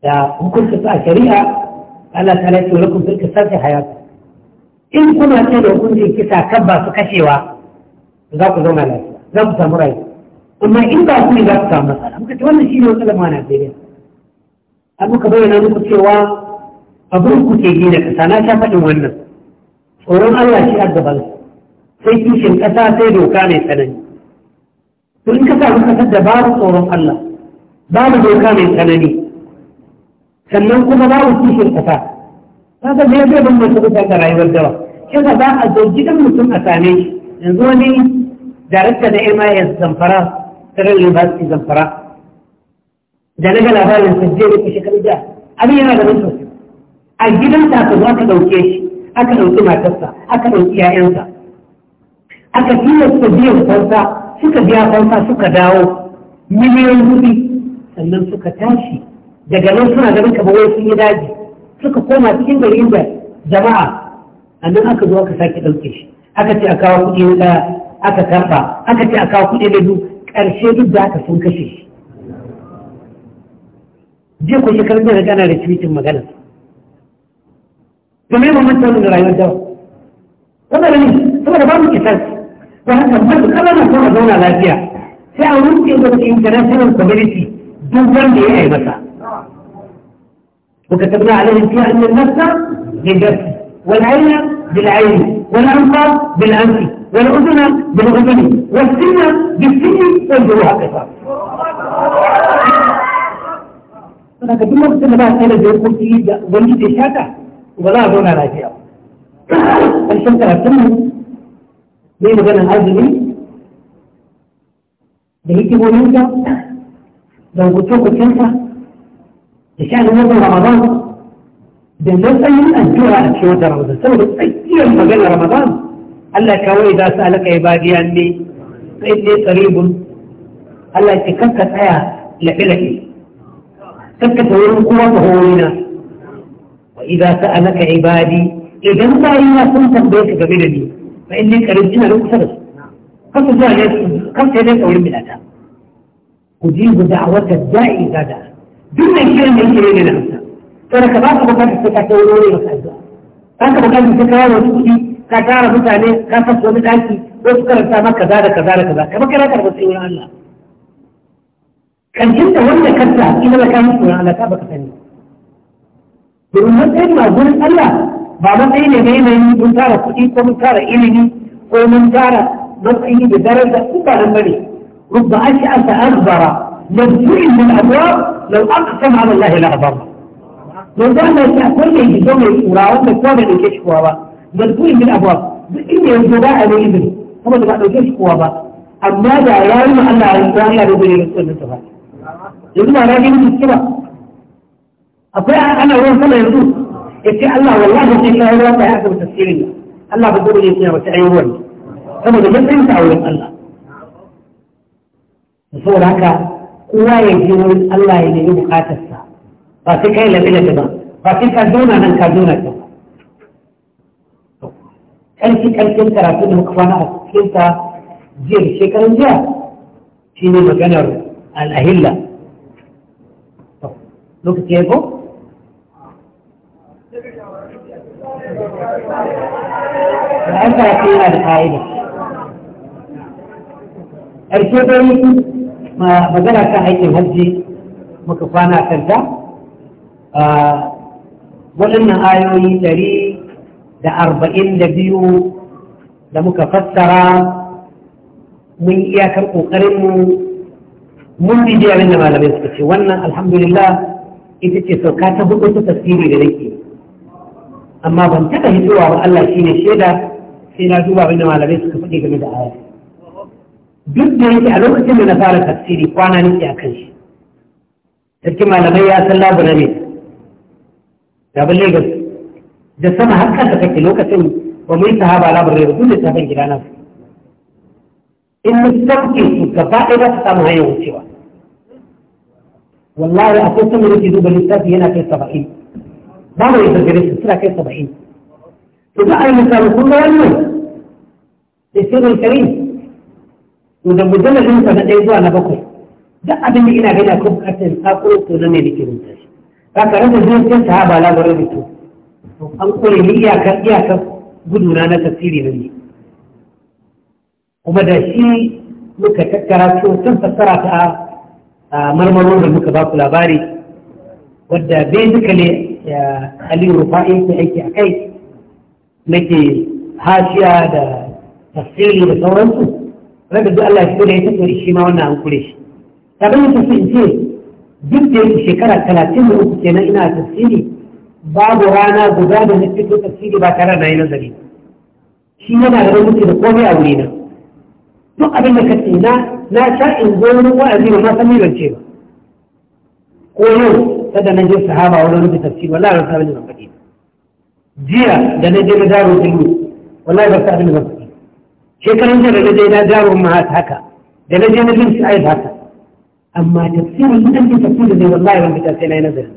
da hukunta su a shari'a Allah ta lafi wani kun firka sarfi hayatu in kuna ce da hukuncin kisa kan ba su kashewa za ku zauna lafiya za ku samu rayuwa amma in ba su ne za su samu matsala muka ce wannan shi ne lamana ma ne a muka bayyana muku cewa abin ku ke gina ƙasa na sha faɗin wannan tsoron Allah shi a gaban sai kishin ƙasa sai doka mai tsanani to in ka samu ƙasar da babu tsoron Allah babu doka mai tsanani sannan kuma babu kishin ƙasa ta ga ne zai bambanta kusa da rayuwar dawa shi za a zo gidan mutum a same shi yanzu wani darakta na MIS Zamfara federal university zamfara da na ba yin sajjiyar da shekaru da abin yana da mutum a gidansa aka zo aka ɗauke shi aka ɗauki matarsa aka ɗauki 'ya'yansa aka tilasta biyan fansa suka biya fansa suka dawo miliyan hudu sannan suka tashi daga nan suna ganin kamar wai sun yi daji suka koma cikin gari da jama'a a nan aka zo aka sake ɗauke shi aka ce a kawo kuɗi na ɗaya aka karɓa aka ce a kawo kuɗi na biyu ƙarshe duk da aka sun kashe shi je ku shekarun da gana da tweetin magana domin mun manta da rayuwar dawa saboda ne saboda ba mu kisar ba haka matuƙar na kuma zauna lafiya sai a wuce da international community duk wanda ya yi masa وكتبنا عليهم فيها أن النفس للنفس والعين بالعين والأنفى بالانف والاذن بالاذن والسنة بالسنة والجواقفة فأنا قد يمكن أن أبقى سيلة جوكم في ونجد إشاكة ولا أدونا لا شيء الشمس أبتمه ليه لغنى الأرض لي بهيك هو ينجا لو قلتوك الشمس لشأن رمضان da matsayin addu'a a cikin wata ramadan saboda tsakiyar magana ramadan Allah kawai za su alaka ibadi an ne sai ne qaribun Allah ya kanka tsaya lafi lafi kanka ta wurin kuma ta horina wa idza sa'alaka ibadi idan na sun tambaye ka game da ni fa inni qarib ina da kusa da su kasu zuwa ne kanka ne tsaurin bidata ujibu da'wata da'i zada duk mai kiran da yake ne na saboda ka ba ka bukatar sai ka ta wuri wuri maka addu'a ba ka bukatar sai ka yawo kuɗi ka tara mutane ka fasa wani ɗaki wasu karanta maka kaza da kaza da kaza kamar kana karɓar sai wurin Allah karshen da wanda karta ina da kayan tsoron Allah ta baka sani domin matsayin ma gurin Allah ba matsayi ne mai mai mun tara kuɗi ko mun tara ilimi ko mun tara matsayi da daraja ko ba nan bane rubba ashi an ta azbara lam tu'in min abwab law aqsama ala Allah la abara yanzu Allah ya akwai mai gizo mai kura wanda kuwa bai dauke shi kuwa ba da in bin abuwa duk inda ya zo ba a yi izini kuma da ba dauke shi kowa ba amma da ya yi ma Allah ya yi Allah da ba yanzu ba na ba akwai ana ruwan sama yanzu ya ce Allah wallahi sai yi ya Allah ba zai yi saboda matsayin sa a wurin Allah saboda haka kowa ya Allah ya nemi bukatarsa ba sai kai lamina ta ba ba sai ka zauna nan ka zauna ta ƙarfi ƙarfin karatu da muka fana a cikin ta jiya da shekarun jiya shi ne maganar al'ahilla lokaci ya ko? da an karatu yana da ƙa'ida ƙarshe dai magana kan aikin hajji muka kwana kanta Ah, waɗannan ayoyi ɗari da arba'in da biyu da muka fassara mun iyakar ƙoƙarinmu mun bije abin da malamai suka ce wannan alhamdulillah ita ce sauka ta hudu ta tasiri da nake amma ban taɓa hitowa ba Allah shi ne shaida sai na duba abin malamai suka faɗi game da aya duk da yake a lokacin da na fara tasiri kwana nake a kan shi sarki malamai ya san labura ne gaban lagos da sama har kanta kake lokacin ba mai yi sahaba labar rai duk da tafin gida nan in mu sauke su gaba ɗaya za su samu hanyar wucewa wallahi akwai sama da ke duba lissafi yana kai saba'in ba mu yi zargare su suna kai saba'in to za a yi misali kun ga wannan da sirrin karim to da mujallalin sa na ɗaya zuwa na bakwai duk abin da ina gani akwai bukatar sakon to na ne da ke rubuta shi za ka rasa jirgin sahaba labarin mutu an kure ni iyakar iyakar guduna na tasiri na ne kuma da shi muka tattara su sun fassara ta a marmaron da muka ba ku labari wadda bai duka ne aliyu rufa'i ta aiki a kai nake hashiya da tafsiri da sauransu rabu da Allah shi da ya tattare shi ma wannan an kure shi. ce duk da yake shekara talatin da uku kenan ina tafsiri babu rana guda da na fito tafsiri ba tare da yi nazari shi yana da rubuce da komai a wurina duk abin da ka ce na na sha in zo wani wa'azi ba ma san ni bance ce ba ko yau sada na je sahaba wani rubuce tafsiri wallahi ban san abin da ban faɗi jiya da na je na daro dillu wallahi ban san abin da ban faɗi shekaran jiya da na je na daro ma haka da na je na bin shi haka amma tafsirin duk da tafsirin zai wallahi ya fita sai na yi nazari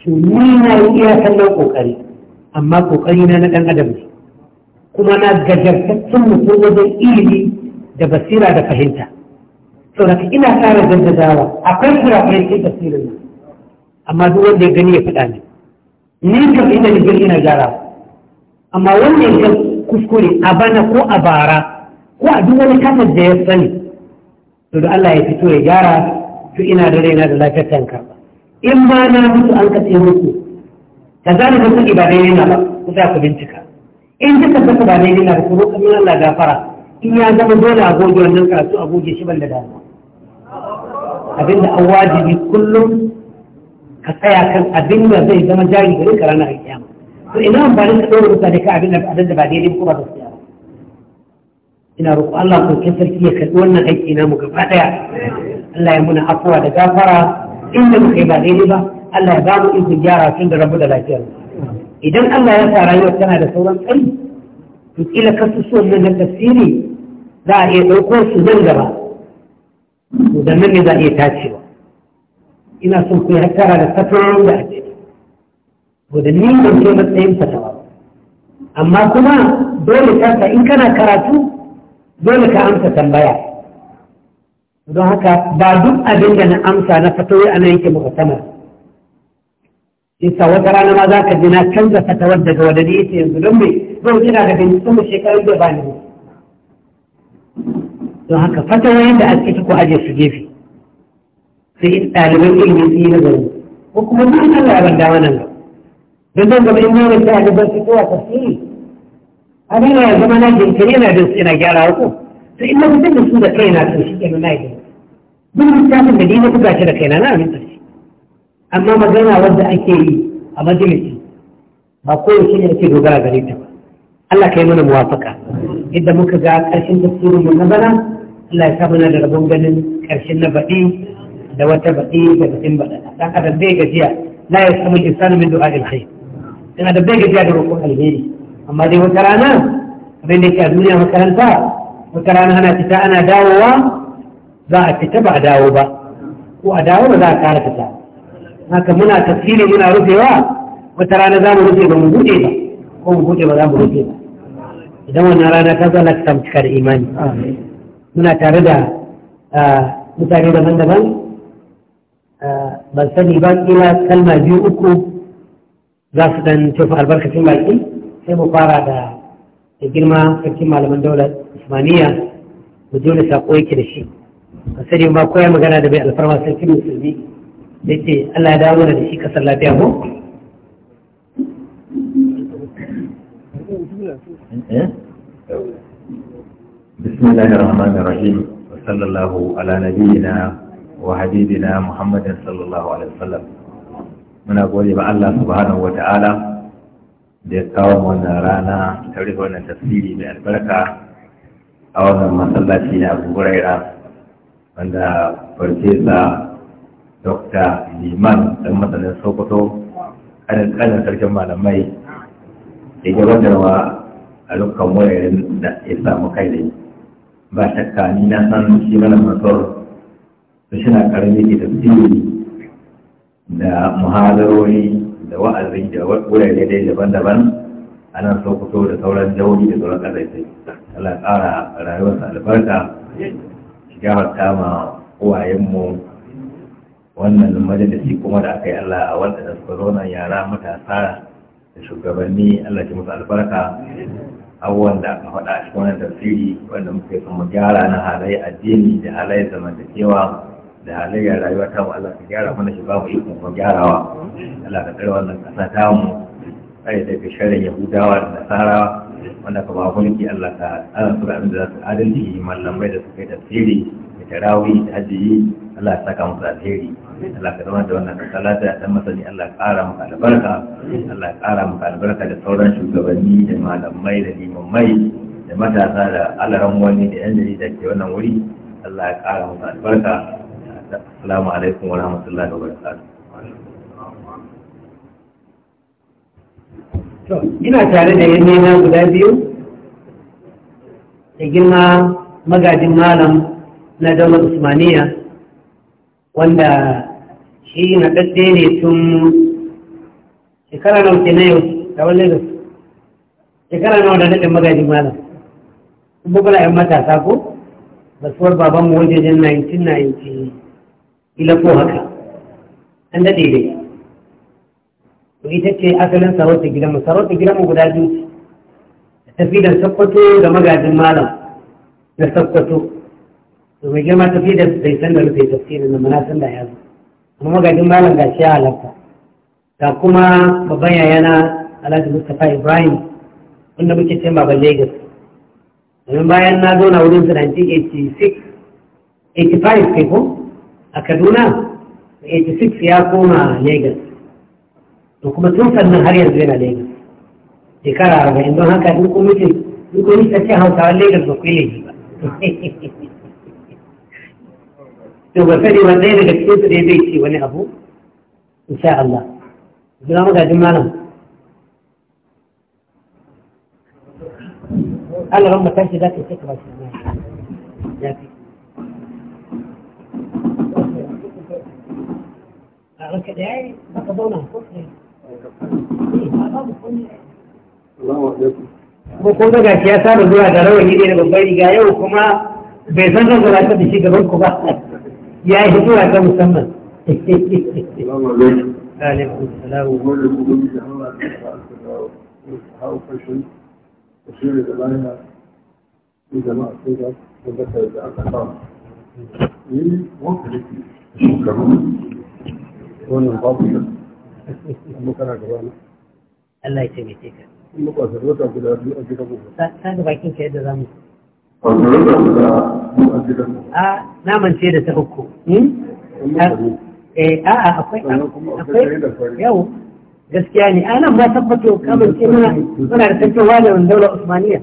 to ni na yi iya kallon kokari amma kokari na na dan adam ne kuma na gajartaccen mutum wajen ilimi da basira da fahimta saboda ina tsara jaddadawa akwai kai sai tafsirin nan amma duk wanda ya gani ya faɗa ne ni kam ina gani ina gara, amma wanda ya kuskure a bana ko a bara ko a duk wani kasar da ya sani to da Allah ya fito ya gyara to ina da raina da lafiyar tanka in ma na mutu an katse muku ka zana mutu ba daidai na ba ku za ku bincika in kika saka ba daidai na ku roƙa min Allah gafara in ya zama dole a goge wannan karatu a goge shi ban da damuwa abinda an wajibi kullum ka tsaya kan abin da zai zama jari gare ka a alkiyama to ina amfani ka ɗora mutane ka abin da ba daidai ko ba gaskiya ina roƙo Allah ko ke sarki ya karɓi wannan aiki namu gaba ɗaya Allah ya muna afuwa da gafara inda muka yi ba daidai ba Allah ya ba mu izin gyara tun da rabu da lafiyar idan Allah ya sa rayuwar tana da sauran tsari to kila kasusuwan nan da tafsiri za a iya ɗauko su nan gaba to da nan ne za a iya tacewa ina son ku yi hattara da satarorin da ake to da ni ban kai matsayin fatawa amma kuma dole ta in kana karatu dole ka amsa tambaya don haka ba duk abin da na amsa na fatoyi ana yake mukatamar isa wata rana ma za ka ji na canza fatawar daga wadda ita yanzu don mai zan jira daga yanzu mu shekarun da ba ne don haka fatawoyin da ake ko aje su gefe sai in ɗaliban ilimi su yi nazari ko kuma duk an Allah ya banda wannan don don gaba in yawon ta a gaban su kowa tafsiri abin ya zama na jinkiri yana da tsina gyara ko to in na fitar da su da kaina to shi kenan na yi duk littafin da ni na buga shi da kaina na aminta shi amma magana wanda ake yi a majalisi ba kowace ne ake dogara gare ta Allah ka yi mana muwafaka idan muka ga ƙarshen tafsirin mun na bana Allah ya sa mana da rabon ganin ƙarshen na baɗi da wata baɗi da baɗin baɗa dan adam bai gajiya la ya samu insanu min du'a al-khair dan adam bai gajiya da roƙon alheri amma dai wata rana abin da ke a duniya makaranta wata rana ana fita ana dawowa za a fita ba a dawo ba ko a dawo ba za a kara fita haka muna tafsiri muna rufewa wata rana za mu rufe ba mu buɗe ba ko mu buɗe ba za mu rufe ba idan wannan rana ta zo Allah ta cika da imani muna tare da mutane daban-daban ban sani ba kila kalma biyu uku za su dan tafi albarkacin baki sai mu fara da da girma sarkin malaman daular ismaniya mu je da sako yake da shi a sani ma koya magana da bai alfarma sarkin musulmi da ke Allah ya dawo da shi kasar lafiya ko بسم الله الرحمن الرحيم وصلى الله على نبينا وحبيبنا محمد صلى الله عليه وسلم muna gode ba Allah subhanahu wa ta'ala da ya kawo wannan rana ta rufe wannan tafsiri mai albarka a wannan masallaci na abu huraira wanda farfesa dokta liman dan masanin sokoto kanin kanin sarkin malamai ke gabatarwa a dukkan wuraren da ya samu kai da ba shakka ni na san shi mana masor su na karami da tafsiri da muhadarori da wa'azi da wurare dai daban-daban ana sokoto da sauran jawobi da sauran ƙasashe Allah ƙara rayuwarsa albarka shiga harta ma uwayenmu wannan majalisi kuma da aka yi Allah a wanda da suka zauna yara matasa da shugabanni Allah ki musu albarka abubuwan da aka faɗa a cikin wannan tafsiri wanda muke son mu gyara na halaye addini da halaye zamantakewa da halayyar rayuwa ta mu Allah ka gyara mana shi babu ikon ko gyarawa Allah ka tsare wannan kasa ta mu kai da ka share Yahudawa da Nasara wanda ka ba mulki Allah ka tsara su da abin da za su adalci mallamai da suke tafsiri da tarawih da hajji Allah ya saka musu alheri Allah ka zama da wannan ƙasa ta dan masani Allah ya ƙara maka albarka Allah ya ƙara maka albarka da sauran shugabanni da malamai da limamai da matasa da alaran wani da yan jarida ke wannan wuri Allah ya ƙara maka albarka Assalamu alaikum wa rahmatullahi wa barakatuh. Ina tare da yan nena guda biyu da girma magajin malam na damar Usmaniya wanda shi na ɗaɗɗe ne tun shekara na wuce na yau da wani Lagos. Shekara na wanda daɗin magajin malam. Kuma kula ‘yan matasa ko? Basuwar babanmu wajejen 1990 ila ko haka an daɗe dai to ita ce asalin sarauta gidanmu sarauta gidanmu guda biyu da tafi da sakkwato da magajin malam na sakkwato to mai girma tafi da bai san da rufe tafsirin da mana san da ya zo amma magajin malam ga shi halarta ga kuma babban yayana alhaji mustapha ibrahim wanda muke ce baban lagos domin bayan na zo na wurin su 1986 85 kai ko a kaduna 86 ya koma lagos to kuma tun sannan har yanzu yana lagos shekara arba'in don haka in kuma ce in kuma ta ce hausawan lagos ba kuwa lagos ba <laughs> to ba sani ba ɗaya daga cikin su ne zai ce wani abu insha Allah zuwa magajin malam Allah ran tashi za ta yi ka ba shi ya fi ركعتين فقدونا ko ko daga shi ya saba zuwa da rawani ne da babbar riga yau kuma bai san zan zara da shi gaban ku ba ya yi zuwa ta musamman alaikum salam وشير إليها إذا ما أصيبت فذكر إذا أتقام إيه وقت شكرا wannan babu Allah ya taimake ka in muka guda biyu a gidan ta bakin ka yadda guda biyu a gidan a da ta uku a'a hmm? eh, akwai akwai yau gaskiya ne a nan ba tabbato kamar ce muna muna da tantowa daular usmaniya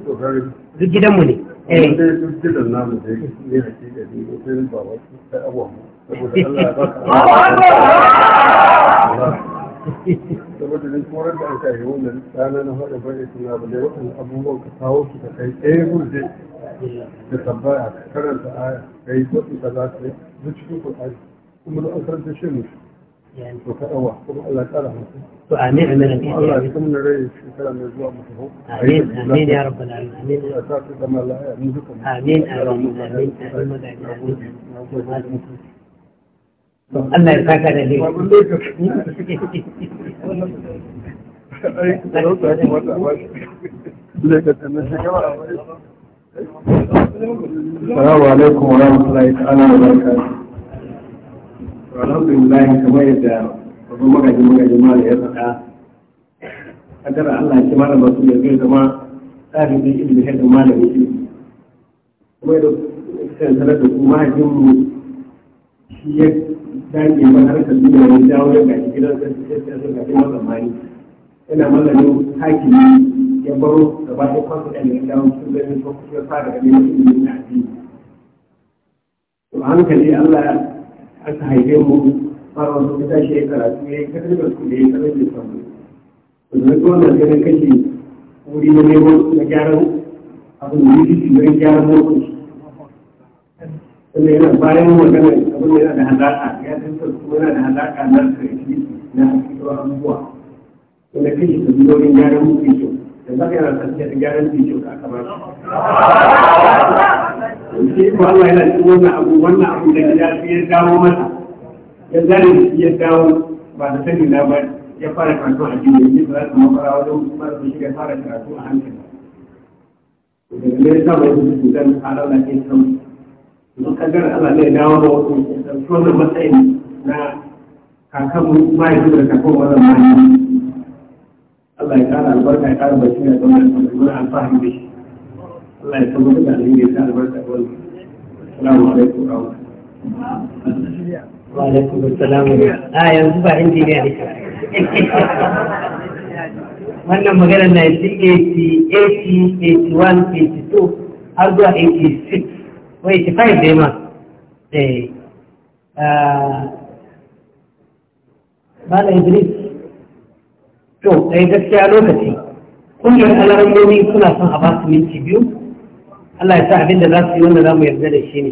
duk gidanmu ne saboda da korar da aka yi wannan tsana na haɗa bane suna ba da waɗanda abubuwan ka kawo su ka kai ɗaya gurje da tambaya karanta aya ka yi kwaɗi ka za ka yi zuci kuma an karanta shi mutu to ka ɗawa kuma Allah ƙara mutu وامين من امين يا رب العالمين امين امين امين امين امين السلام عليكم ورحمة الله وبركاته. الحمد لله كما يدعو. wasu magaji magaji ma da ya faɗa kadar Allah shi mara masu da zai zama ilimin ilimi ya zama malamin ilimi kuma da kan sanar da kuma hajjin mu shi ya dage ba harkar duniya ya jawo ya gaji gidan sai ya sai sai gaji masa mani yana malamin hakimi ya baro gaba ɗaya kwasa ɗan ya dawo cikin ganin ko ya fara ganin ilimin na addini hankali Allah ya haife mu har wasu ta tashi ya karatu ya yi su da ya karar da samu to da zuwa na ganin kashe wuri na neman na gyaran abin da yake shi wurin gyaran lokaci sannan yana bayan magana abin yana da hazaƙa ya tantar kuma yana da hazaƙa na karfi na fitowa abubuwa wanda kashe ta zuwa wurin gyaran shi da za ka yana tafiya da gyaran mutum da aka ba shi ko Allah yana cikin wannan abu wannan abu da ya dawo masa ya zane ya dawo ba da sani na ba ya fara karatu a jini ya ba za su mafara wajen kuma su shiga fara karatu a hankali daga ne sa ba su su dan halala ke san don kagar Allah ne dawo ba wasu ya ɗauki wannan matsayin na kakan mahaifin da kakan wannan mahaifin Allah ya kara albarka ya kara basira da wannan kuma alfahari da shi Allah ya tabbata da alheri ya kara albarka da wannan assalamu alaikum wa rahmatullahi wa alaikum assalam ah, yanzu ba injiniya ne wannan maganar 1980 80 81 82 har zuwa 86 ko 85 da ma Bala eh, ah, Idris, to, ɗaya eh, gaskiya lokaci, ƙungiyar alarammomi suna son a ba su minti biyu, Allah ya sa abin da za su yi wanda za mu yarda da shi ne.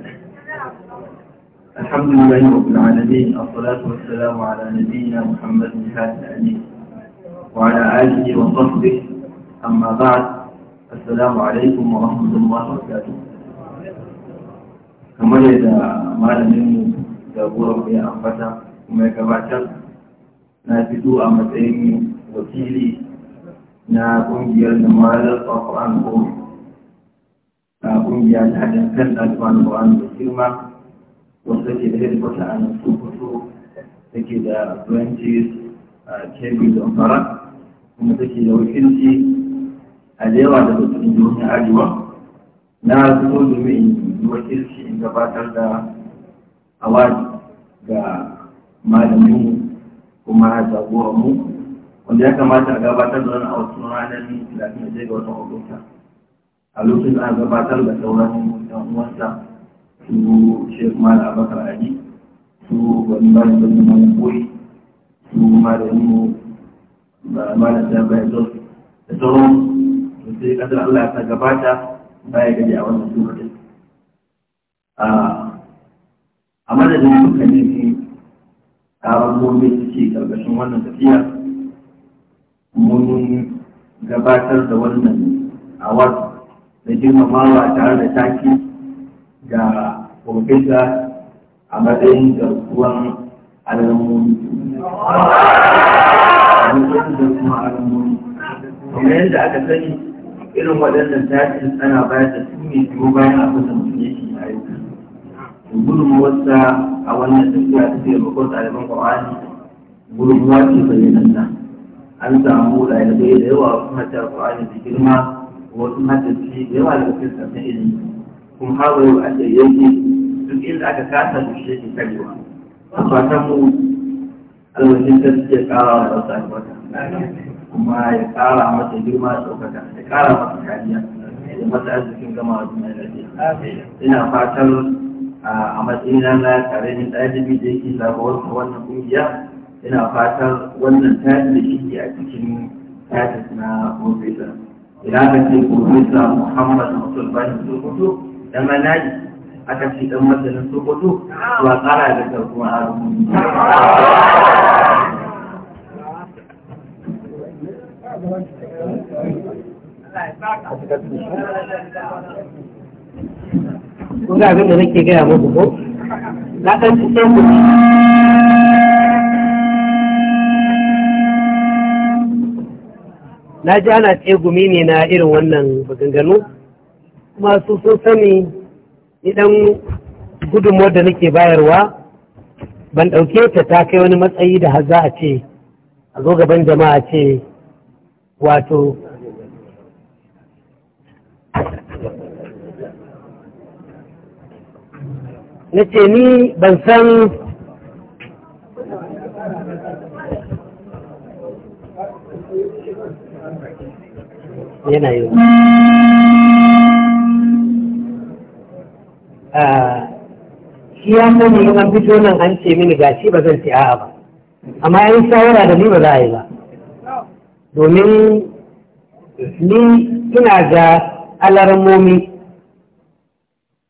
الحمد لله رب العالمين الصلاة والسلام على نبينا محمد هذا الأمين وعلى آله وصحبه أما بعد السلام عليكم ورحمة الله وبركاته kamar yadda malaminmu da goron ya ambata kuma ya gabatar na fito a matsayin wakili na ƙungiyar da malar ƙwaƙwa'an ko a ƙungiyar da haɗin kan ɗaliban ƙwa'an da girma wanda ke da headquarter a nan sokoto da ke da branches a kebbi da fara kuma take da wakilci a da yawa daga cikin jihohin arewa na zo domin in wakilci in gabatar da awa ga malamin kuma jagoran mu wanda ya kamata a gabatar da wani a wasu ranar 31 ga watan agusta a lokacin da a gabatar da sauran yan uwansa su shek mala abakar ali su wani malam da malam koyi su malamin mu ba malam da bayan zo da sauran to sai kadar Allah ta sa gabata baya gaji a wannan lokacin a madadin dukkanin ne karon gobe suke karkashin wannan tafiya mun gabatar da wannan awar da girmamawa tare da taki ga kurfisa a matsayin garkuwan alamomi kuma yadda aka sani irin waɗannan tashin tsana bayar da su ne biyu bayan abin da mutum yake yi aiki gudunmawarsa a wannan tafiya ta taimakon ɗaliban ƙwa'ani gudunmawa ce bayyanan nan an samu ɗalibai da yawa kuma ta ƙwa'ani da girma wasu haddace da yawa da cikin sassan ilimi kuma har yau a tsaye yake duk inda aka kasa da shi yake karewa a fatan mu alwajin ta suke kara wa wasu albarka kuma ya kara masa girma da ɗaukaka ya kara masa kariya da masa arzikin gama wa duniya lafiya ina fatan a matsayin matsayina na tare da ɗalibi da yake zaɓa wannan ƙungiya ina fatan wannan tashi da shi a cikin tashi na profesa idan aka ce profesa muhammad musulman sun fito da manaji aka dan sokoto tsara da ta abin da nake gaya muku ko na ɗan cikin gumi. na ji ana tsegumi ne na irin wannan maganganu kuma su sun sani Idan gudunmuwar da nake bayarwa ban ɗauke ta ta kai wani matsayi da har za a ce a zo gaban jama'a ce wato na ce ni ban san yana yi Ah, shi ya sani in an fito nan an ce mini gashi ba zan ce a'a ba amma yan shawara da ni ba za a yi ba domin ni ina ga alarmomi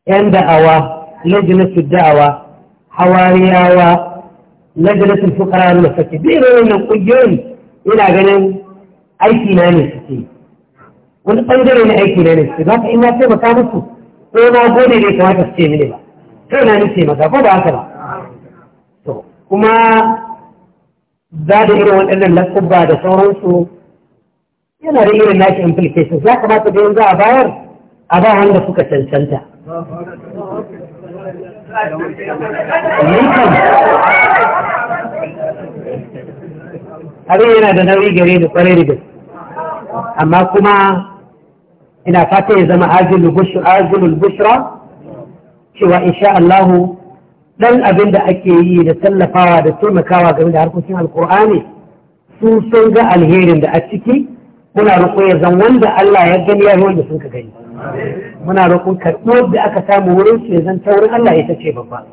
yan da'awa lajinatu da'awa hawariyawa lajinatu fukara na sake zai rana nan kungiyoyi ina ganin aiki na ne suke wani bangare na aiki na ne suke za ka ina taimaka musu ko ma gode ne ta haka ce mini ba sai na nufi maka ko ba haka ba to kuma za da irin waɗannan lakubba da sauransu yana da irin nashi implications ya kamata da yanzu a bayar a ba hanga suka cancanta abin yana da nauyi gare da kwarai da amma kuma ina fata ya zama ajilul bushra cewa insha Allahu dan abin da ake yi da tallafawa da taimakawa game da harkokin alkur'ani su sun ga alherin da a ciki muna roƙo ya zan wanda Allah ya gani ya wanda sun ka gani muna roƙon karɓo da aka samu wurin su ya zan ta wurin Allah ita ce babba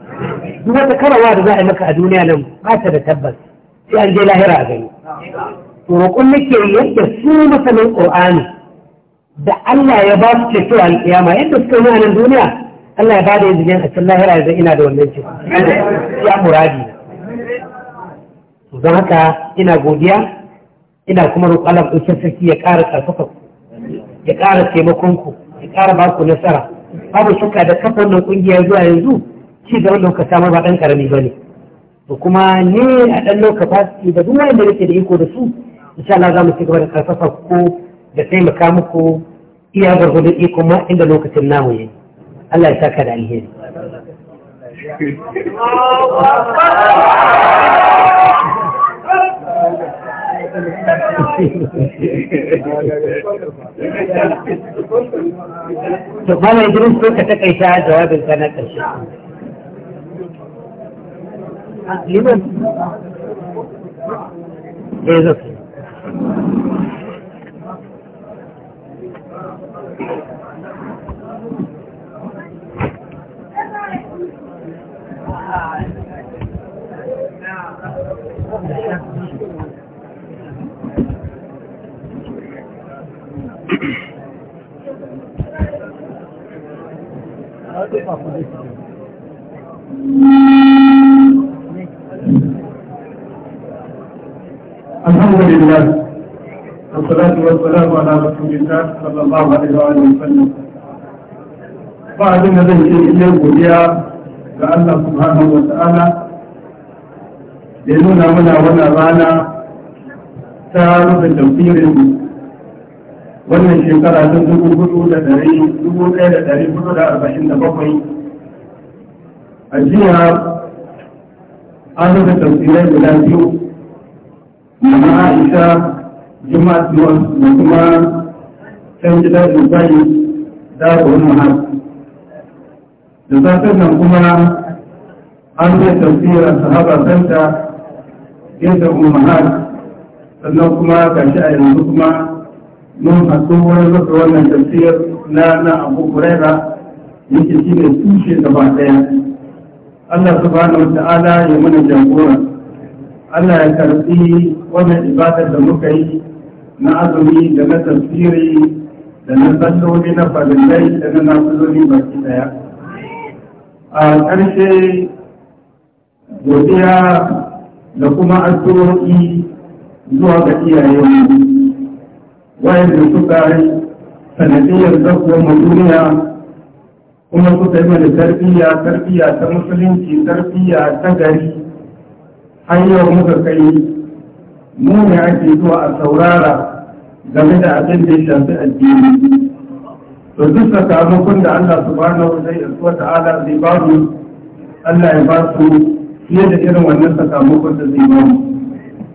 duk wata karawa da za a yi maka a duniya nan ba ta da tabbas sai an je lahira a gani to roƙon nake yadda su masanin Ƙur'ani. da Allah ya ba su ceto a ƙiyama, yadda suka yi nan duniya Allah ya ba da izinin a cikin lahira yanzu ina da wannan ce ya muradi don haka ina godiya ina kuma roƙon Allah ku sarki ya ƙara ƙarfafa ya ƙara taimakon ku ya ƙara ba ku nasara babu shakka da kafa wannan kungiya zuwa yanzu ci da wannan ka samar ba ɗan ƙarami ba ne to kuma ni a ɗan lokaci da duk wanda nake da iko da su insha Allah za mu ci gaba da ƙarfafa ku da taimaka muku iya gwargwadon iko ma inda lokacin namu ne Allah ya saka da alheri to bana idris ko ka takaita jawabin ka na karshe liman eh الحمد لله والصلاة والسلام على رسول الله صلى الله عليه وسلم بعد ما زي يوم ga Allah subhanahu wa ta'ala da ya nuna mana wannan rana ta rufin tafsirin wannan shekara ta dubu hudu da dari dubu ɗaya da dari hudu da arba'in da bakwai a jiya an rufe tafsirai guda biyu mama aisha jima'a da kuma can gidan rubayi da wani muhammadu da zafin nan kuma an yi tafsirar sahaba santa yadda umar sannan kuma ga shi a yanzu kuma mun haɗu wani zaka wannan tafsir na na abu kuraira yake shi ne tushe gaba ɗaya Allah subhanahu ta'ala ya mana jagora Allah ya karɓi wannan ibadar da muka yi na azumi da na tafsiri da na salloli na fadilai da na nasuloli baki ɗaya. a ƙarshe godiya da kuma addu'o'i zuwa ga iyaye wayanda suka sanadiyar zakuwar mu duniya kuma suka yi mana tarbiyya tarbiyya ta musulunci tarbiyya ta gari har yau muka kai mu ne ake zuwa a saurara game da abin da ya shafi addini to duk sakamakon da Allah subhanahu wa ta'ala zai ba mu. Allah ya ba su fiye da irin wannan sakamakon da zai ba mu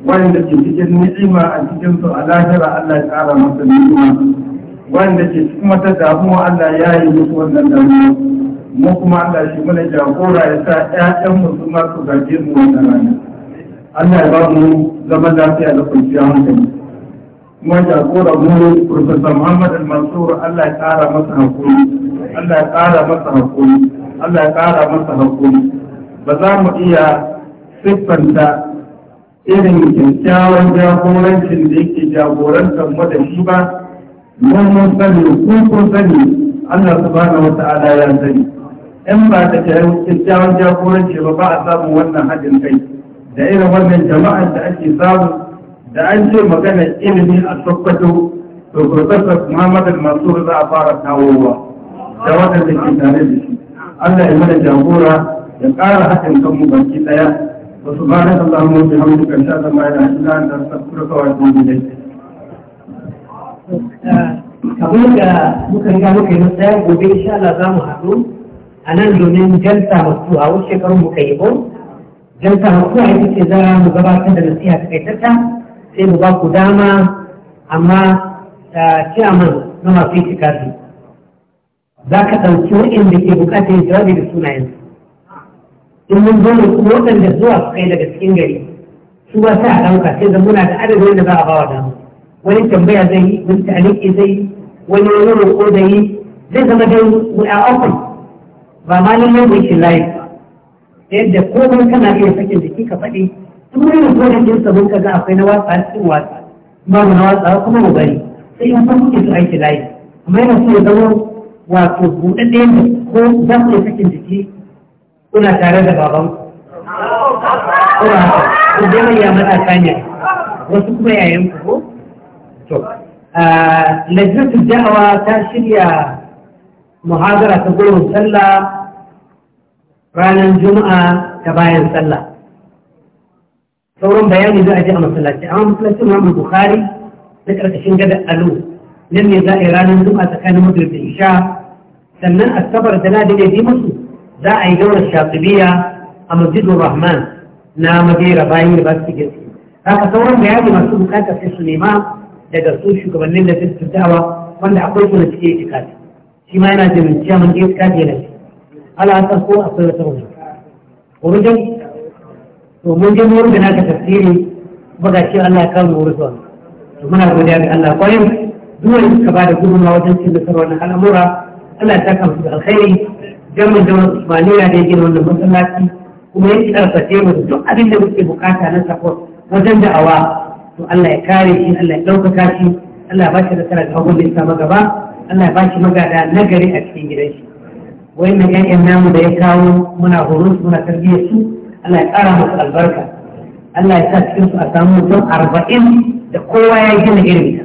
wanda ke cikin ni'ima a cikin su a lahira Allah ya tsara masa ni'ima wanda ke cikin wata damuwa Allah ya yi musu wannan damuwa mu kuma Allah shi mana jagora ya sa ƴaƴan mu su ma su gaje mu wannan rana Allah ya ba mu zama lafiya da kwanciyar hankali kuma jagoran mu Professor Muhammad Al-Mansur Allah ya kara masa hakuri Allah ya kara masa hakuri Allah ya ƙara masa hakuri ba za mu iya siffanta irin kyakkyawan jagorancin da yake jagorantar mu da shi ba mun mun sani ku kun sani Allah subhanahu wata'ala ya sani in ba da kyakkyawan jagoranci ba ba a samun wannan haɗin kai da irin wannan jama'ar da ake samu da an ce maganar ilimi a sokoto to professor muhammad mansur za a fara kawowa da waɗanda ke tare da shi allah ya mana jagora ya ƙara hakan kan mu baki ɗaya wa subhanak allahumma wa bihamdika ashhadu an la ilaha illa anta astaghfiruka wa atubu ilayk kamar da muka riga muka yi matsaya gobe insha Allah za mu haɗu a nan domin janta masu a wasu shekarun muka yi bau janta masu a ita ce za mu gabatar da nasiha takaitacca sai mu ba ku dama amma eh, ciyaman na masu yi tikafi za ka ɗauki da ke bukatar jawabi da sunayen in mun zo mu kuma waɗanda zuwa su kai daga cikin gari su ba sai a ɗauka sai zan muna da adadin wanda za a ba wa dama wani tambaya zai yi wani ta'aliki zai yi wani wani roƙo zai yi zai zama dai mu a open ba ma lallai mu yi shi layi. ba yadda komai kana iya sakin jiki ka faɗi in mun yi rikodin ɗin sabon kaga akwai na watsa cikin watsa ba mu na watsa kuma mu bari sai in san kuke su aiki layi amma yana so ya zama wato buɗaɗɗe ne ko za ku yi sakin jiki kuna tare da baban ku ba ku je mai yamma sanya. wasu kuma yayan ku ko to ah, lajnatul da'awa ta shirya muhadara ta gurin sallah ranar juma'a ta bayan sallah sauran bayani za a je a masallaci amma masallacin Imam Bukhari na karkashin gada Alu nan ne za a yi ranar Juma'a tsakanin Maghrib da Isha sannan Asabar da na ne bi musu za a yi daular Shatibiya a Masjidul Rahman na Madeira bayan University Gate haka sauran bayani masu bukatar sai su nema daga su shugabannin da suke dawa wanda akwai su na cikin itikadi shi ma yana jin ciyaman itikadi na ci ala asan ko akwai wata wani wurin to mun je mu rubuta naka tafsiri kuma ce Allah ya kawo mu wurin to muna godiya ga Allah yin duk ka ba bada gudunmawa wajen cin nasara wannan al'amura Allah ya saka musu da alkhairi jamin da Usmaniya da yake wannan masallaci kuma yake karfafe mu duk abin da muke bukata na support wajen da'awa to Allah ya kare shi Allah ya ɗaukaka shi Allah ya ba shi nasara ga da ya samu gaba Allah ya ba shi magada nagari a cikin gidan shi wayannan ƴaƴan namu da ya kawo muna horon muna tarbiyyar su أن يتعرف البركة أن يتكلم أتامكم أربعين لقوة يجن إرمي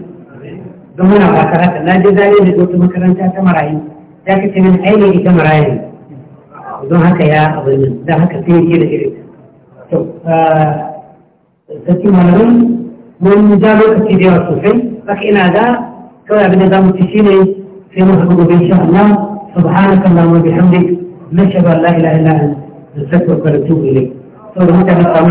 دمنا وعثرات لا جزالي لدوت مكران تاتا مرايين تاكي تمن أين إتا مرايين ودون هكا يا أظيمن دا هكا تيجي لإرمي تكي مرايين من في كتي ديو الصوفي فكينا دا كوي أبن دام تشيني في مرحبه بإن شاء الله سبحانك اللهم وبحمدك نشهد أن لا إله إلا أنت ta tabbatar da tuɗe ne.